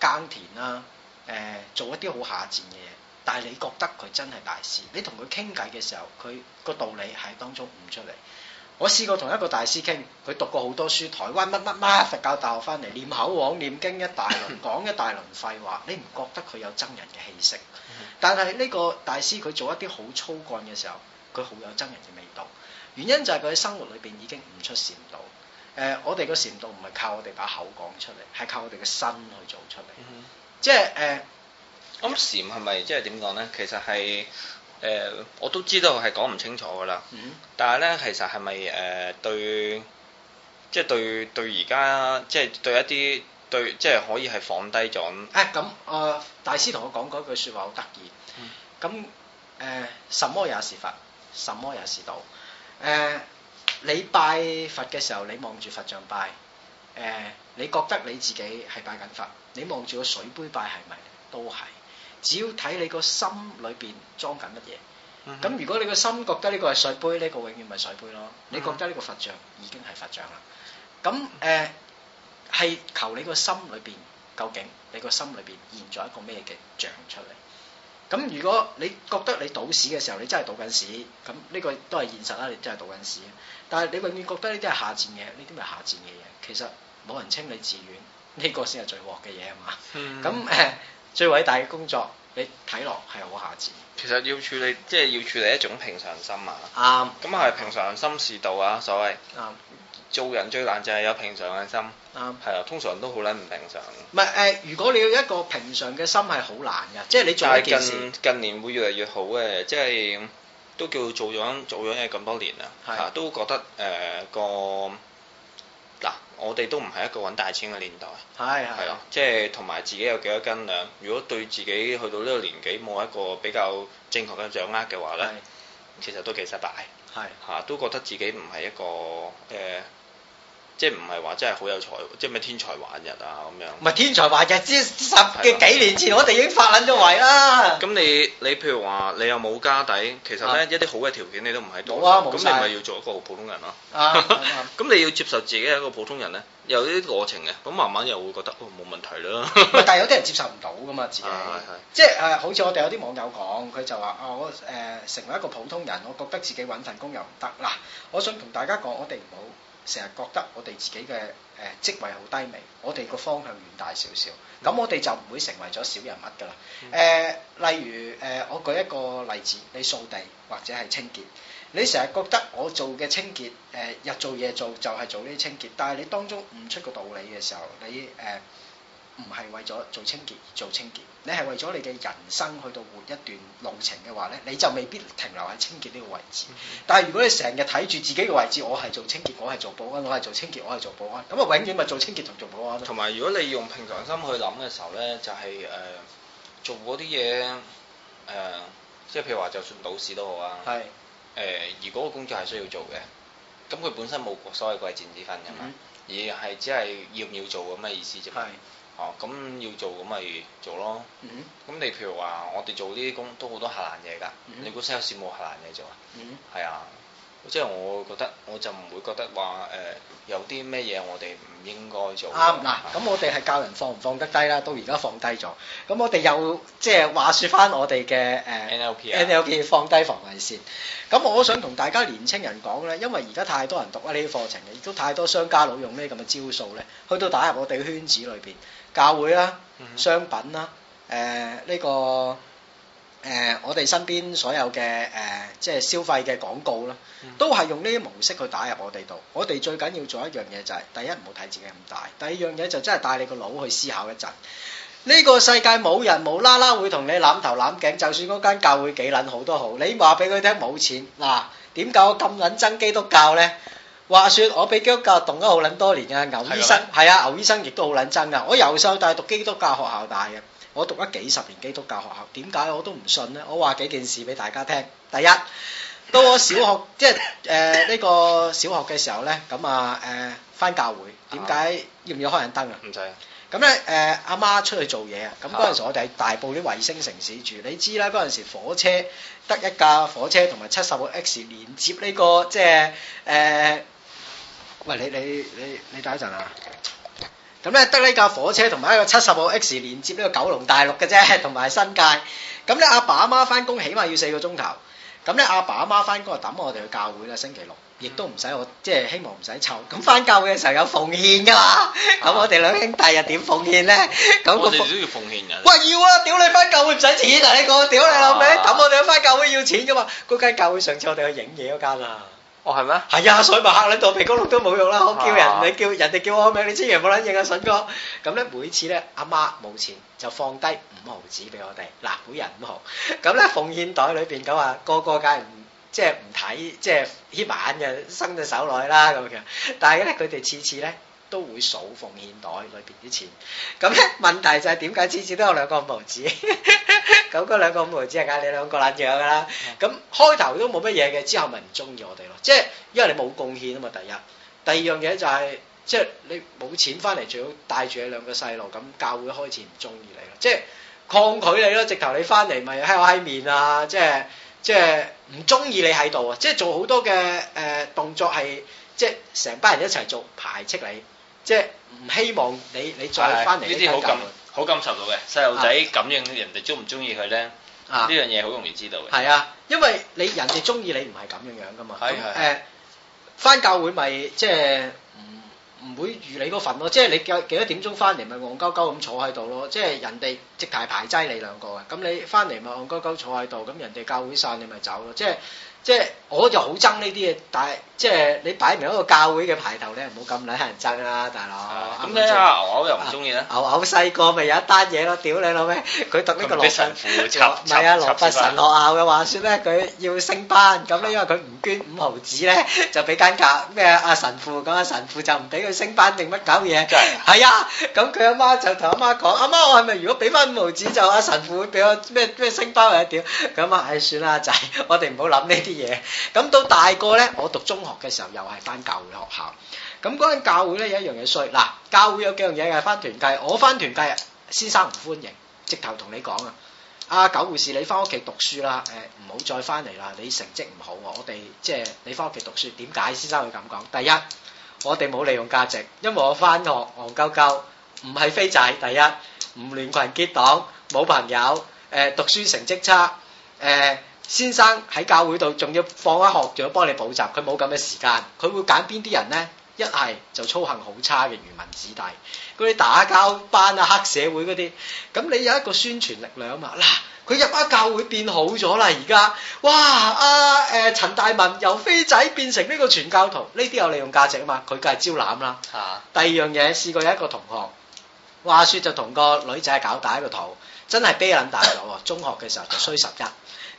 耕田啦，誒、呃、做一啲好下賤嘅嘢，但係你覺得佢真係大師，你同佢傾偈嘅時候，佢個道理喺當中唔出嚟。我試過同一個大師傾，佢讀過好多書，台灣乜乜乜佛教大學翻嚟，念口黃念經一大輪，講一大輪廢話，你唔覺得佢有僧人嘅氣息？但係呢個大師佢做一啲好粗幹嘅時候，佢好有僧人嘅味道。原因就係佢喺生活裏邊已經悟出禪道。誒、呃，我哋個禪道唔係靠我哋把口講出嚟，係靠我哋嘅身去做出嚟。即係誒，咁禪係咪即係點講咧？其實係。誒、呃，我都知道係講唔清楚噶啦，嗯、但係咧，其實係咪誒對，即係對對而家，即係對一啲對，即係可以係放低咗。誒、嗯，咁啊，大師同我講嗰句說話好得意。咁誒，什麼也是佛，什麼也是道。誒、呃，你拜佛嘅時候，你望住佛像拜。誒、呃，你覺得你自己係拜緊佛？你望住個水杯拜是是，係咪都係？只要睇你個心裏邊裝緊乜嘢，咁如果你個心覺得呢個係水杯，呢個永遠咪水杯咯。你覺得呢個佛像已經係佛像啦，咁誒係求你個心裏邊，究竟你個心裏邊現咗一個咩嘅像出嚟？咁如果你覺得你賭屎嘅時候，你真係賭緊屎。咁呢個都係現實啦，你真係賭緊屎。但係你永遠覺得呢啲係下賤嘅，呢啲咪下賤嘅嘢。其實冇人清你自願，呢個先係最鑊嘅嘢啊嘛。咁誒。呃最偉大嘅工作，你睇落係好下旨。其實要處理，即、就、係、是、要處理一種平常心啊。啱。咁係平常心是道啊，所謂。啱。Right. 做人最難就係有平常嘅心。啱。係啊，通常都好捻唔平常。唔係誒，如果你要一個平常嘅心係好難嘅，即係你做件事。但係近近年會越嚟越好嘅，即係都叫做做咗做咗嘢咁多年啦，嚇 Right.、啊、都覺得誒、呃、個。嗱，我哋都唔係一個揾大錢嘅年代，係，係，咯，即係同埋自己有幾多斤兩。如果對自己去到呢個年紀冇一個比較正確嘅掌握嘅話咧，是是其實都幾失敗，係，是是、啊，嚇都覺得自己唔係一個誒。呃即係唔係話真係好有才，即係咩天才玩日啊咁樣？唔係天才玩日，即十幾幾年前，啊、我哋已經發撚咗圍啦。咁、啊、你你譬如話你又冇家底，其實咧、嗯、一啲好嘅條件你都唔喺度。咁、啊、你咪要做一個普通人咯。咁你要接受自己係一個普通人咧，有啲過程嘅。咁慢慢又會覺得冇、哦、問題啦。 [LAUGHS] 但係有啲人接受唔到噶嘛，自己。啊、即係誒、呃，好似我哋有啲網友講，佢就話、啊：我誒、呃、成為一個普通人，我覺得自己揾份工又唔得。嗱，我想同大家講，我哋唔好。成日覺得我哋自己嘅誒、呃、職位好低微，我哋個方向遠大少少，咁我哋就唔會成為咗小人物㗎啦。誒、呃，例如誒、呃，我舉一個例子，你掃地或者係清潔，你成日覺得我做嘅清潔誒、呃，日做夜做就係做呢啲清潔，但係你當中悟出個道理嘅時候，你誒、呃唔係為咗做清潔而做清潔，你係為咗你嘅人生去到換一段路程嘅話咧，你就未必停留喺清潔呢個位置。但係如果你成日睇住自己嘅位置，我係做清潔，我係做保安，我係做清潔，我係做保安，咁啊永遠咪做清潔同做保安咯。同埋如果你用平常心去諗嘅時候咧，就係、是、誒、呃、做嗰啲嘢誒，即係譬如話就算倒屎都好啊。係誒是、呃，而嗰個工作係需要做嘅，咁佢本身冇所謂貴賤之分㗎嘛，是而係只係要唔要做咁嘅意思就係。哦，咁要做咁咪做咯。咁、嗯、你譬如話，我哋、嗯、做呢啲工都好多客難嘢㗎。你估 sales 冇客難嘢做啊？係啊，即係我覺得，我就唔會覺得話誒、呃、有啲咩嘢我哋唔應該做。啱嗱，咁我哋係教人放唔放得低啦，到而家放低咗。咁我哋又即係話説翻我哋嘅誒 NLP NLP、啊、放低防衞線。咁我想同大家年青人講咧，因為而家太多人讀啊呢啲課程亦都太多商家佬用咩咁嘅招數咧，去到打入我哋嘅圈子裏邊。教會啦，商品啦，誒呢個誒我哋身邊所有嘅誒，即係消費嘅廣告啦，都係用呢啲模式去打入我哋度。我哋最緊要做一樣嘢就係，第一唔好睇自己咁大，第二樣嘢就真係帶你個腦去思考一陣。呢個世界冇人無啦啦會同你攬頭攬頸，就算嗰間教會幾撚好都好，你話俾佢聽冇錢嗱，點解我咁撚憎基督教呢？話說我俾基督教動咗好捻多年嘅牛醫生，係啊牛醫生亦都好捻真噶。我由細到大讀基督教學校大嘅，我讀咗幾十年基督教學校。點解我都唔信咧？我話幾件事俾大家聽。第一，到我小學，即係誒呢個小學嘅時候咧，咁啊誒翻教會，點解、啊、要唔要開眼燈啊？唔使啊。咁咧誒阿媽出去做嘢啊，咁嗰陣時我哋喺大埔啲衛星城市住，你知啦，嗰陣時火車得一架火車同埋七十個 X 連接呢、呢個即係誒。呃喂，你你你你等一陣啊！咁咧得呢架火車同埋一個七十號 X 連接呢個九龍大陸嘅啫，同埋新界。咁咧阿爸阿媽翻工起碼要四個鐘頭。咁咧阿爸阿媽翻工就抌我哋去教會啦，星期六亦都唔使我，即係希望唔使湊。咁翻教會嘅時候有奉獻噶嘛？咁我哋兩兄弟又點奉獻咧？我哋都要奉獻人。喂，要啊！屌你翻教會唔使錢嗱，你講，屌你老味抌我哋去翻教會要錢噶嘛？估計教會上次我哋去影嘢嗰間啊！哦，係咩？係啊，所以咪嚇你，到皮骨碌都冇用啦！ [LAUGHS] 我叫人，你叫人哋叫我名，你千祈唔好撚應啊，順哥。咁咧，每次咧，阿媽冇錢就放低五毫紙俾我哋，嗱，每人五毫。咁咧，奉獻袋裏邊咁啊，個個梗係唔即係唔睇，即係掀埋眼嘅，伸隻手落去啦咁樣。但係咧，佢哋次次咧。都會數奉獻袋裏邊啲錢，咁咧，問題就係點解次次都有兩個五毫子？咁 [LAUGHS] 嗰兩個五毫子係梗你兩個撚樣噶啦。咁開頭都冇乜嘢嘅，之後咪唔中意我哋咯。即係因為你冇貢獻啊嘛。第一，第二樣嘢就係、是、即係你冇錢翻嚟，最好帶住你兩個細路。咁教會開始唔中意你咯，即係抗拒你咯。直頭你翻嚟咪喺我揩面啊！即係即係唔中意你喺度啊！即係做好多嘅誒、呃、動作係即係成班人一齊做排斥你。即係唔希望你你再翻嚟，呢啲好感好感受到嘅、啊、細路仔，感應人哋中唔中意佢咧，呢樣嘢好容易知道嘅。係啊，因為你人哋中意你唔係咁樣樣噶嘛。係係翻教會咪即係唔唔會預你嗰份咯。即係你，你幾多點鐘翻嚟，咪戇鳩鳩咁坐喺度咯。即係人哋直排排擠你兩個啊。咁你翻嚟咪戇鳩鳩坐喺度，咁人哋教會散你咪走咯。即係即係我就好憎呢啲嘢，但係。即係你擺明一個教會嘅牌頭，你唔好咁揦人憎啦，大佬。咁咧牛牛又唔中意啦？牛牛細個咪有一單嘢咯，屌你老味，佢讀呢個羅佛神父唔係啊羅佛神學校嘅話説咧，佢要升班，咁咧因為佢唔捐五毫紙咧，就俾間教咩啊神父講啊神父就唔俾佢升班定乜搞嘢。係啊，咁佢阿媽就同阿媽講，阿媽我係咪如果俾翻五毫紙就啊神父會俾我咩咩升班或者屌！咁啊，唉，算啦仔，我哋唔好諗呢啲嘢。咁到大個咧，我讀中學。學嘅時候又係翻教會學校，咁嗰間教會咧有一樣嘢衰，嗱，教會有幾樣嘢係翻團計，我翻團計，先生唔歡迎，直頭同你講啊！阿九護士你翻屋企讀書啦，誒，唔好再翻嚟啦，你成績唔好，我哋即係你翻屋企讀書，點解先生會咁講？第一，我哋冇利用價值，因為我翻學戇鳩鳩，唔係飛仔，第一唔亂群結黨，冇朋友，誒、呃、讀書成績差，誒、呃。先生喺教會度仲要放喺學長幫你補習，佢冇咁嘅時間，佢會揀邊啲人呢？一係就操行好差嘅漁民子弟，嗰啲打交班啊、黑社會嗰啲，咁你有一個宣傳力量啊嘛？嗱、啊，佢入班教會變好咗啦，而家哇！誒、啊，陳、呃、大文由飛仔變成呢個全教徒，呢啲有利用價值啊嘛？佢梗係招攬啦。嚇！第二樣嘢試過有一個同學話説就同個女仔搞大個肚，真係啤撚大咗喎！中學嘅時候就衰十一。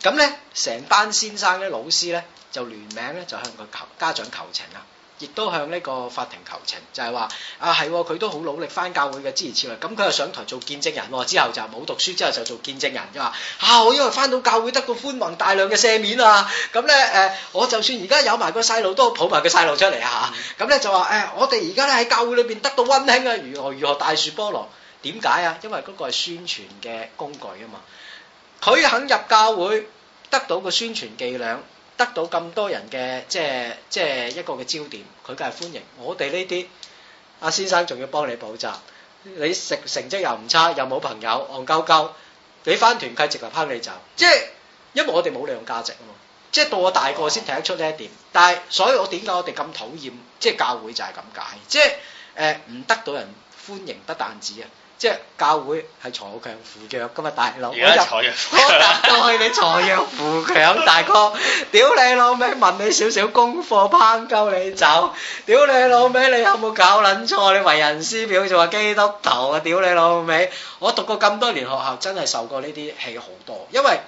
咁咧，成班先生咧、老師咧，就聯名咧，就向個求家長求情啊，亦都向呢個法庭求情，就係、是、話啊，係佢、哦、都好努力翻教會嘅，諸如此類。咁佢又上台做見證人，之後就冇讀書，之後就做見證人，就話啊，我因為翻到教會得到寬宏大量嘅赦免啊。咁咧誒，我就算而家有埋個細路，都抱埋個細路出嚟啊。咁、嗯、咧、嗯、就話誒、哎，我哋而家咧喺教會裏邊得到溫馨啊，如何如何大樹菠蘿？點解啊？因為嗰個係宣傳嘅工具啊嘛。佢肯入教會，得到個宣傳伎倆，得到咁多人嘅即係即係一個嘅焦點，佢梗係歡迎。我哋呢啲阿先生仲要幫你補習，你食成績又唔差，又冇朋友戇鳩鳩，你翻團契直頭拋你走，即係因為我哋冇利用價值啊！即係到我大個先睇得出呢一點，但係所以我點解我哋咁討厭即係教會就係咁解，即係誒唔得到人歡迎不但止啊！即係教會係鋤強扶弱噶嘛，大佬，我答對你鋤弱扶強，大哥，屌你老味，問你少少功課，攀鳩你走，屌你老味，你有冇搞撚錯？你為人師表仲話基督徒啊，屌你老味！我讀過咁多年學校，真係受過呢啲氣好多，因為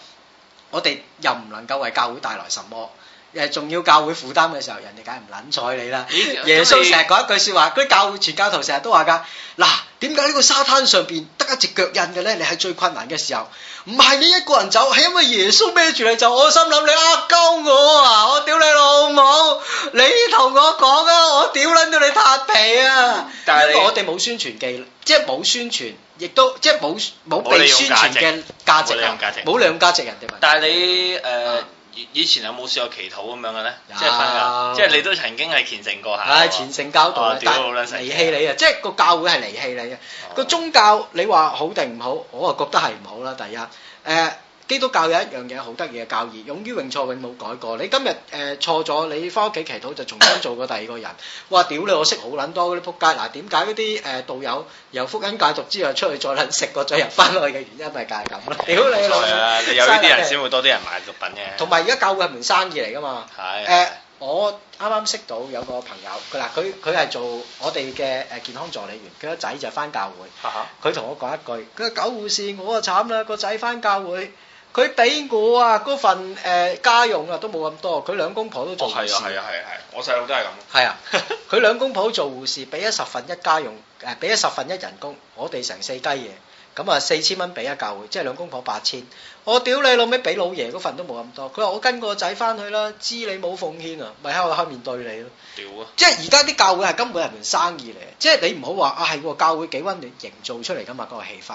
我哋又唔能夠為教會帶來什麼，誒，仲要教會負擔嘅時候，人哋梗係唔撚睬你啦。耶穌成日講一句説話，佢教會全教徒成日都話噶嗱。點解呢個沙灘上邊得一隻腳印嘅呢？你係最困難嘅時候，唔係你一個人走，係因為耶穌孭住你走。我心諗你呃鳩我啊，我屌你老母，你同我講啊，我屌捻到你撻皮啊！但係我哋冇宣傳記，即係冇宣傳，亦都即係冇冇被宣傳嘅價值冇兩價值，人哋。但係你誒。呃以前有冇試過祈禱咁樣嘅咧？有即係朋友，即係你都曾經係虔誠過下。唉、啊，虔誠教徒，交哦、但係離棄你啊！即係個教會係離棄你嘅。個、哦、宗教你話好定唔好，我啊覺得係唔好啦。第一，誒、呃。基督教有一樣嘢好得意嘅教義，勇於永錯永冇改過。你今日誒錯咗，你翻屋企祈禱就重新做過第二個人。哇！屌你，我識好撚多嗰啲仆街。嗱，點解嗰啲誒道友由福音戒毒之後出去再撚食再入翻去嘅原因咪就係咁咯？屌你！係啊，有呢啲人先會多啲人買毒品嘅。同埋而家教會係門生意嚟噶嘛？係誒，我啱啱識到有個朋友，嗱，佢佢係做我哋嘅誒健康助理員，佢個仔就翻教會。啊哈！佢同我講一句：佢話狗護士，我啊慘啦，個仔翻教會。佢俾我啊嗰份誒、呃、家用啊都冇咁多，佢兩公婆都做護士。係啊，係啊係啊係啊，我細佬都係咁。係啊，佢兩公婆做護士，俾咗十份一家用，誒，俾咗十份一人工，我哋成四雞嘢。咁啊，四千蚊俾一教會，即係兩公婆八千。我屌你老尾，俾老爺嗰份都冇咁多。佢話我跟個仔翻去啦，知你冇奉獻啊，咪喺我後面對你咯。屌啊！ [LAUGHS] 即係而家啲教會係根本係門生意嚟，即係你唔好話啊係教會幾温暖營造出嚟噶嘛嗰個氣氛。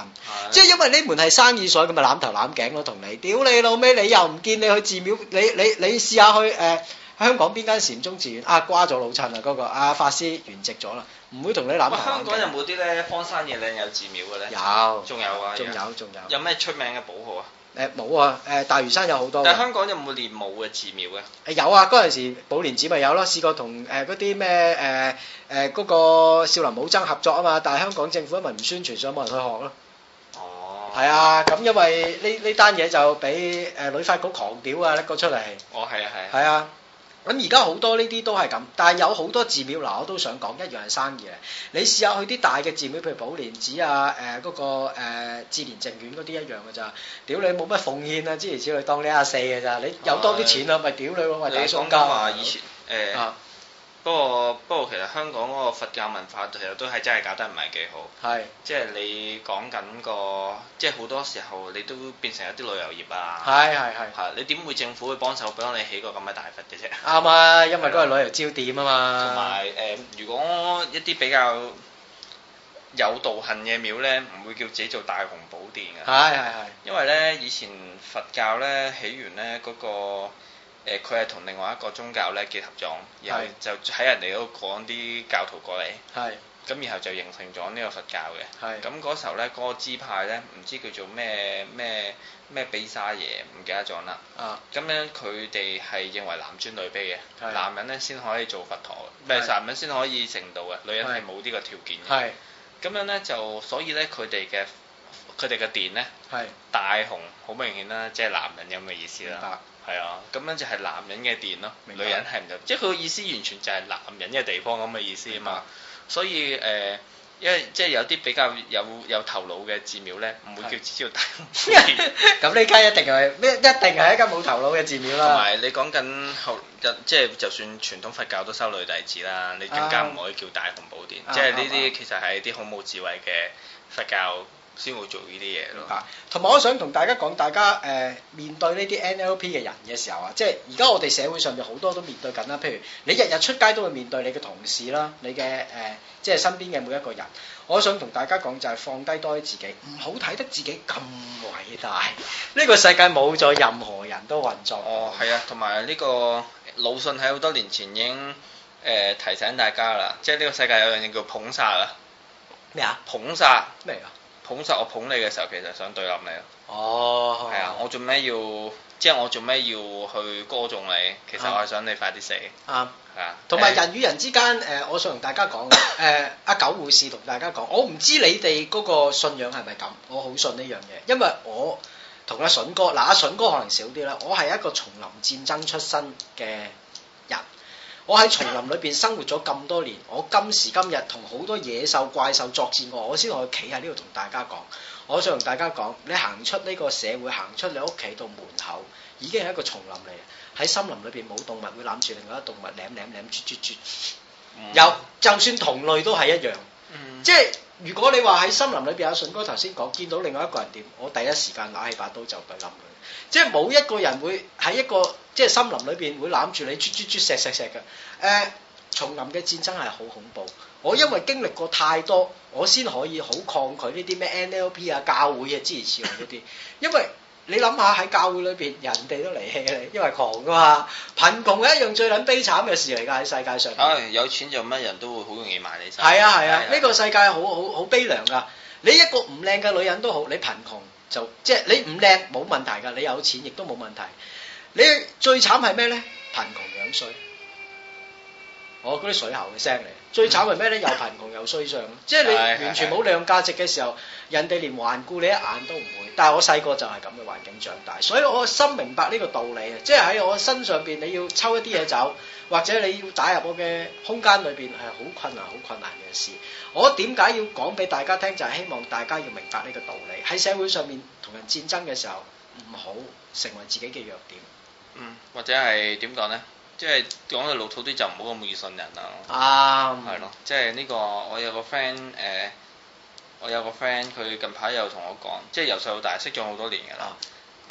即係因為呢門係生意所以，咁咪攬頭攬頸咯同你。屌你老尾，你又唔見你去寺廟，你你你試下去誒、呃、香港邊間禪宗寺院啊瓜咗老襯啊嗰個、呃、啊法師圓寂咗啦。啊啊啊唔會同你諗香港有冇啲咧，荒山野嶺有寺廟嘅咧？有，仲有啊，仲有仲有。有咩出名嘅寶號啊？誒冇啊！誒大嶼山有好多。但香港有冇練武嘅寺廟嘅？有啊！嗰陣時寶蓮寺咪有咯，試過同誒嗰啲咩誒誒嗰個少林武僧合作啊嘛，但係香港政府因為唔宣傳，所以冇人去學咯。哦。係啊，咁因為呢呢單嘢就俾誒旅發局狂屌啊，拎個出嚟。哦，係啊，係啊。係啊。咁而家好多呢啲都係咁，但係有好多寺廟嗱，我都想講一樣係生意咧。你試下去啲大嘅寺廟，譬如寶蓮寺啊、誒、呃、嗰個、呃、志蓮淨苑嗰啲一樣㗎咋，屌你冇乜奉獻啊，諸如此類，當你阿四㗎咋，你有多啲錢啊？咪屌你咯，咪打掃家啊。以前誒。呃啊不過不過其實香港嗰個佛教文化其實都係真係搞得唔係幾好係，係即係你講緊個即係好多時候你都變成一啲旅遊業啊，係係係，係你點會政府會幫手幫你起個咁嘅大佛嘅啫？啱啊，因為嗰個係旅遊焦點啊嘛。同埋誒，如果一啲比較有道行嘅廟呢，唔會叫自己做大雄寶殿㗎。係係係。因為呢，以前佛教呢起源呢嗰個。誒佢係同另外一個宗教咧結合咗，然後就喺人哋嗰度講啲教徒過嚟，咁然後就形成咗呢個佛教嘅。咁嗰時候咧，嗰支派咧，唔知叫做咩咩咩比沙耶，唔記得咗啦。咁樣佢哋係認為男尊女卑嘅，男人咧先可以做佛陀，即係男人先可以成道嘅，女人係冇呢個條件嘅。咁樣咧就所以咧佢哋嘅佢哋嘅殿咧，大雄好明顯啦，即係男人咁嘅意思啦。係啊，咁樣就係男人嘅殿咯。白女人係唔得，即係佢嘅意思完全就係男人嘅地方咁嘅意思啊嘛。白所以誒、呃，因為即係有啲比較有有頭腦嘅寺廟咧，唔是會叫做大雄寶殿。咁呢間一定係咩？一定係一間冇頭腦嘅寺廟啦。同埋你講緊後即係就算傳統佛教都收女弟子啦，你更加唔可以叫大雄寶殿。即係呢啲其實係啲好冇智慧嘅佛教。先會做呢啲嘢咯。嚇、嗯，同埋我想同大家講，大家誒、呃、面對呢啲 NLP 嘅人嘅時候啊，即係而家我哋社會上邊好多都面對緊啦。譬如你日日出街都會面對你嘅同事啦，你嘅誒、呃、即係身邊嘅每一個人。我想同大家講就係放低多啲自己，唔好睇得自己咁偉大。呢 [LAUGHS] 個世界冇咗任何人都運作。哦，係啊，同埋呢個魯迅喺好多年前已經誒、呃、提醒大家啦，即係呢個世界有樣嘢叫捧殺啦。咩啊？捧殺咩嚟？捧實我捧你嘅時候，其實想對冧你咯。哦，係啊，我做咩要即係我做咩要去歌頌你？其實我係想你快啲死。啱係啊，同、啊、埋的人與人之間，誒、呃，我想同大家講嘅，阿狗護士同大家講，我唔知你哋嗰個信仰係咪咁，我好信呢樣嘢，因為我同阿筍哥，嗱、啊，阿筍哥可能少啲啦，我係一個叢林戰爭出身嘅人。我喺叢林裏邊生活咗咁多年，我今時今日同好多野獸怪獸作戰我，我先可以企喺呢度同大家講，我想同大家講，你行出呢個社會，行出你屋企到門口，已經係一個叢林嚟。喺森林裏邊冇動物會攬住另外一動物舐舐舐啜啜啜， [LAUGHS] 有就算同類都係一樣，嗯、即係如果你話喺森林裏邊阿順哥頭先講見到另外一個人點，我第一時間攞起把刀就拔冧佢。即係冇一個人會喺一個即係森林裏邊會攬住你啜啜啜錫錫錫嘅，誒叢、呃、林嘅戰爭係好恐怖。我因為經歷過太多，我先可以好抗拒呢啲咩 NLP 啊、教會啊諸如此類，一啲。因為你諗下喺教會裏邊，人哋都離棄你，因為窮噶嘛。貧窮係一樣最捻悲慘嘅事嚟噶喺世界上。有錢就乜人都會好容易埋你。係啊，係啊、呢、啊啊啊、個世界好好好悲涼噶。你一個唔靚嘅女人都好，你貧窮。就即係你唔靚冇問題噶，你有錢亦都冇問題。你最慘係咩咧？貧窮樣衰。我嗰啲水喉嘅聲嚟，最慘係咩咧？又貧窮又衰相，即係 [LAUGHS] 你完全冇利用價值嘅時候，人哋連環顧你一眼都唔會。但係我細個就係咁嘅環境長大，所以我心明白呢個道理啊！即係喺我身上邊，你要抽一啲嘢走，或者你要打入我嘅空間裏邊，係好困難、好困難嘅事。我點解要講俾大家聽？就係希望大家要明白呢個道理。喺社會上面同人戰爭嘅時候，唔好成為自己嘅弱點。嗯，或者係點講咧？即係講到老土啲就唔好咁易信人啊！啱，係咯，即係呢、呢個我有個 friend 誒，我有個 friend 佢、呃、近排又同我講，即係由細到大識咗好多年㗎啦，啊、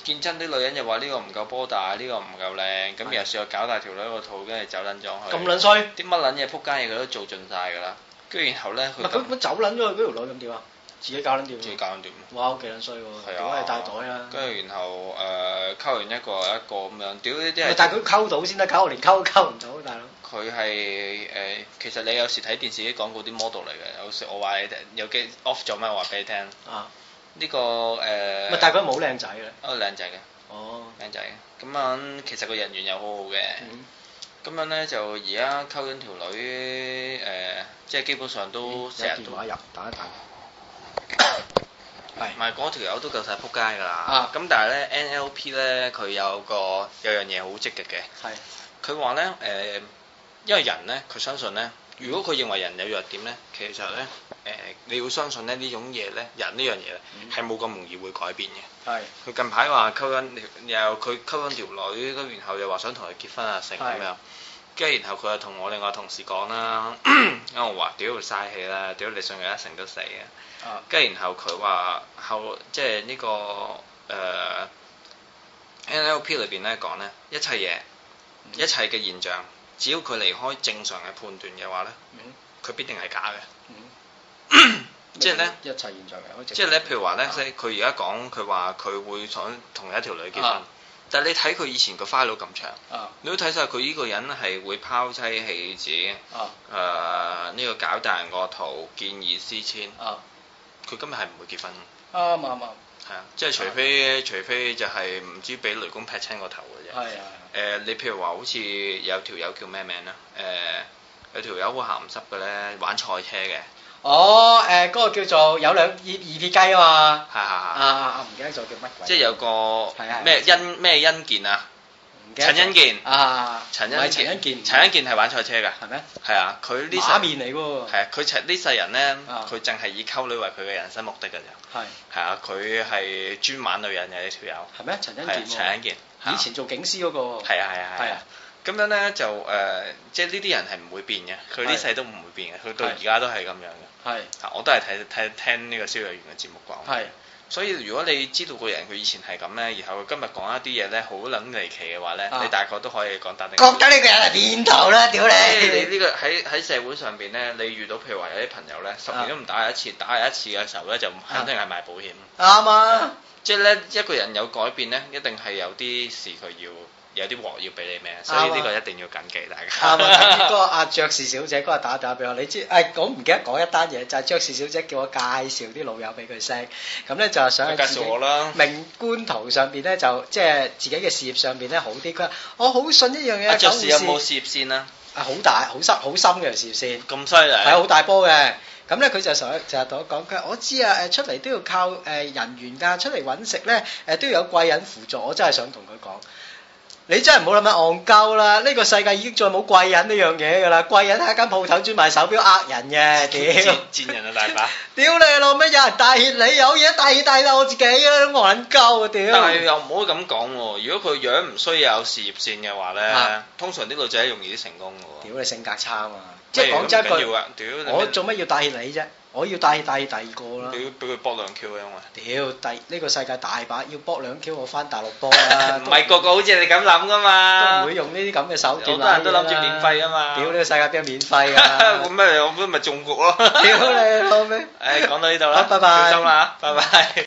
見親啲女人就話呢個唔夠波大，呢、呢個唔夠靚，咁又試又搞大條女個肚，跟住走撚咗去。咁撚衰？啲乜撚嘢撲街嘢佢都做盡晒㗎啦！跟住然後咧，佢唔走撚咗去嗰條女咁點啊？自己搞撚掂，自己搞撚掂，哇，我幾撚衰喎！係啊，梗係帶袋啦。跟住然後誒溝完一個一個咁樣，屌呢啲係，但係佢溝到先得，搞我連溝都溝唔到，大佬。佢係誒，其實你有時睇電視啲廣告啲 model 嚟嘅，有時我話你有機 off 咗咩？我話俾你聽。啊，呢個誒。唔係，但係佢係靚仔嘅。哦，靚仔嘅。哦。靚仔咁樣其實個人緣又好好嘅。咁樣咧就而家溝緊條女誒，即係基本上都成日都有電話入，打一打。咪嗰條友都夠晒撲街㗎啦。咁、啊、但係咧，NLP 咧佢有個有樣嘢好積極嘅。係佢話咧誒，因為人咧佢相信咧，如果佢認為人有弱點咧，其實咧誒、呃，你會相信咧呢種嘢咧，人呢樣嘢咧係冇咁容易會改變嘅。係佢是近排話溝緊又佢溝緊條女，跟然後又話想同佢結婚啊，成咁樣。跟住的然後佢又同我另外同事講啦，因為我話：屌嘥氣啦，屌你信佢一成都死啊！跟住，然後佢話後即係呢個誒 NLP 裏邊咧講咧，一切嘢，一切嘅現象，只要佢離開正常嘅判斷嘅話咧，佢必定係假嘅。即係咧，一切現象即係咧，譬如話咧，即佢而家講，佢話佢會想同一條女結婚，但係你睇佢以前個 file 咁長，你都睇晒佢呢個人係會拋妻棄子，誒呢個搞大人個肚，見異思遷。今日係唔會結婚啊！嘛嘛係啊，即係除非除非就係唔知俾雷公劈親個頭嘅啫。係啊。誒、呃，你譬如話好似有條友叫咩名咧？誒、啊，有條友好鹹濕嘅咧，玩賽車嘅。哦，誒、呃，嗰、那個叫做有兩二二鐵雞啊嘛。係係係。啊啊啊！唔記得咗叫乜鬼。即係有個咩殷咩殷健啊？陳欣健啊，陳欣健，陳欣健係玩賽車噶，係咩？係啊，佢呢世馬面嚟，係啊，佢呢世人咧，佢淨係以溝女為佢嘅人生目的嘅咋。係，係啊，佢係專玩女人嘅呢條友，係咩？陳欣健，陳欣健，以前做警司嗰個，係啊係啊係啊，咁樣咧就誒，即係呢啲人係唔會變嘅，佢呢世都唔會變嘅，佢到而家都係咁樣嘅，係，我都係睇睇聽呢個蕭若元嘅節目講。所以如果你知道個人佢以前係咁咧，然後佢今日講一啲嘢咧好撚離奇嘅話咧，啊、你大概都可以講。對對覺得呢個人係變頭啦，屌你！你呢、這個喺喺社會上邊咧，你遇到譬如話有啲朋友咧，十年都唔打一次，啊、打一次嘅時候咧就肯定係賣保險。啱啊、嗯！啊即係咧，一個人有改變咧，一定係有啲事佢要。有啲鑊要俾你咩？所以呢個一定要緊記，大家。啊，咪接阿爵士小姐嗰個打電話俾我，你知誒、哎？我唔記得講一單嘢，就係、是、爵士小姐叫我介紹啲老友俾佢識。咁咧就係想介紹我啦。名官途上邊咧，就即係自己嘅事業上邊咧好啲。佢話我好信一樣嘢。啊、爵士有冇事業線啊？啊，好大好深好深嘅事業線。咁犀利！係好大波嘅。咁咧佢就想就係同我講，佢我知啊誒，出嚟都要靠誒人緣㗎，出嚟揾食咧誒都要有貴人輔助。我真係想同佢講。你真係唔好諗諗戇鳩啦！呢個世界已經再冇貴人呢樣嘢噶啦，貴人係一間鋪頭專賣手錶呃人嘅，屌！賤人啊大把，屌你老乜有人帶挈你有，有嘢帶挈帶挈我自己啊！我戇鳩啊屌！但係又唔好咁講喎，如果佢樣唔需要有事業線嘅話咧，了通常啲女仔容易啲成功噶喎。屌你性格差啊嘛，即係講真句，屌他我做乜要帶挈你啫？我要帶帶第二個啦，俾佢搏兩 Q 啊嘛！屌，第呢、這個世界大把要搏兩 Q，我返大陸搏啦，唔係 [LAUGHS] 個個好似你咁諗㗎嘛，都唔會用呢啲咁嘅手段啊！好多人都諗住免費啊嘛！屌呢、這個世界邊有免費啊？咁咩？ [LAUGHS] 我都咪中局咯！屌 [LAUGHS] 你老味！誒、哎，講到呢度啦，拜拜，小心啦，拜拜。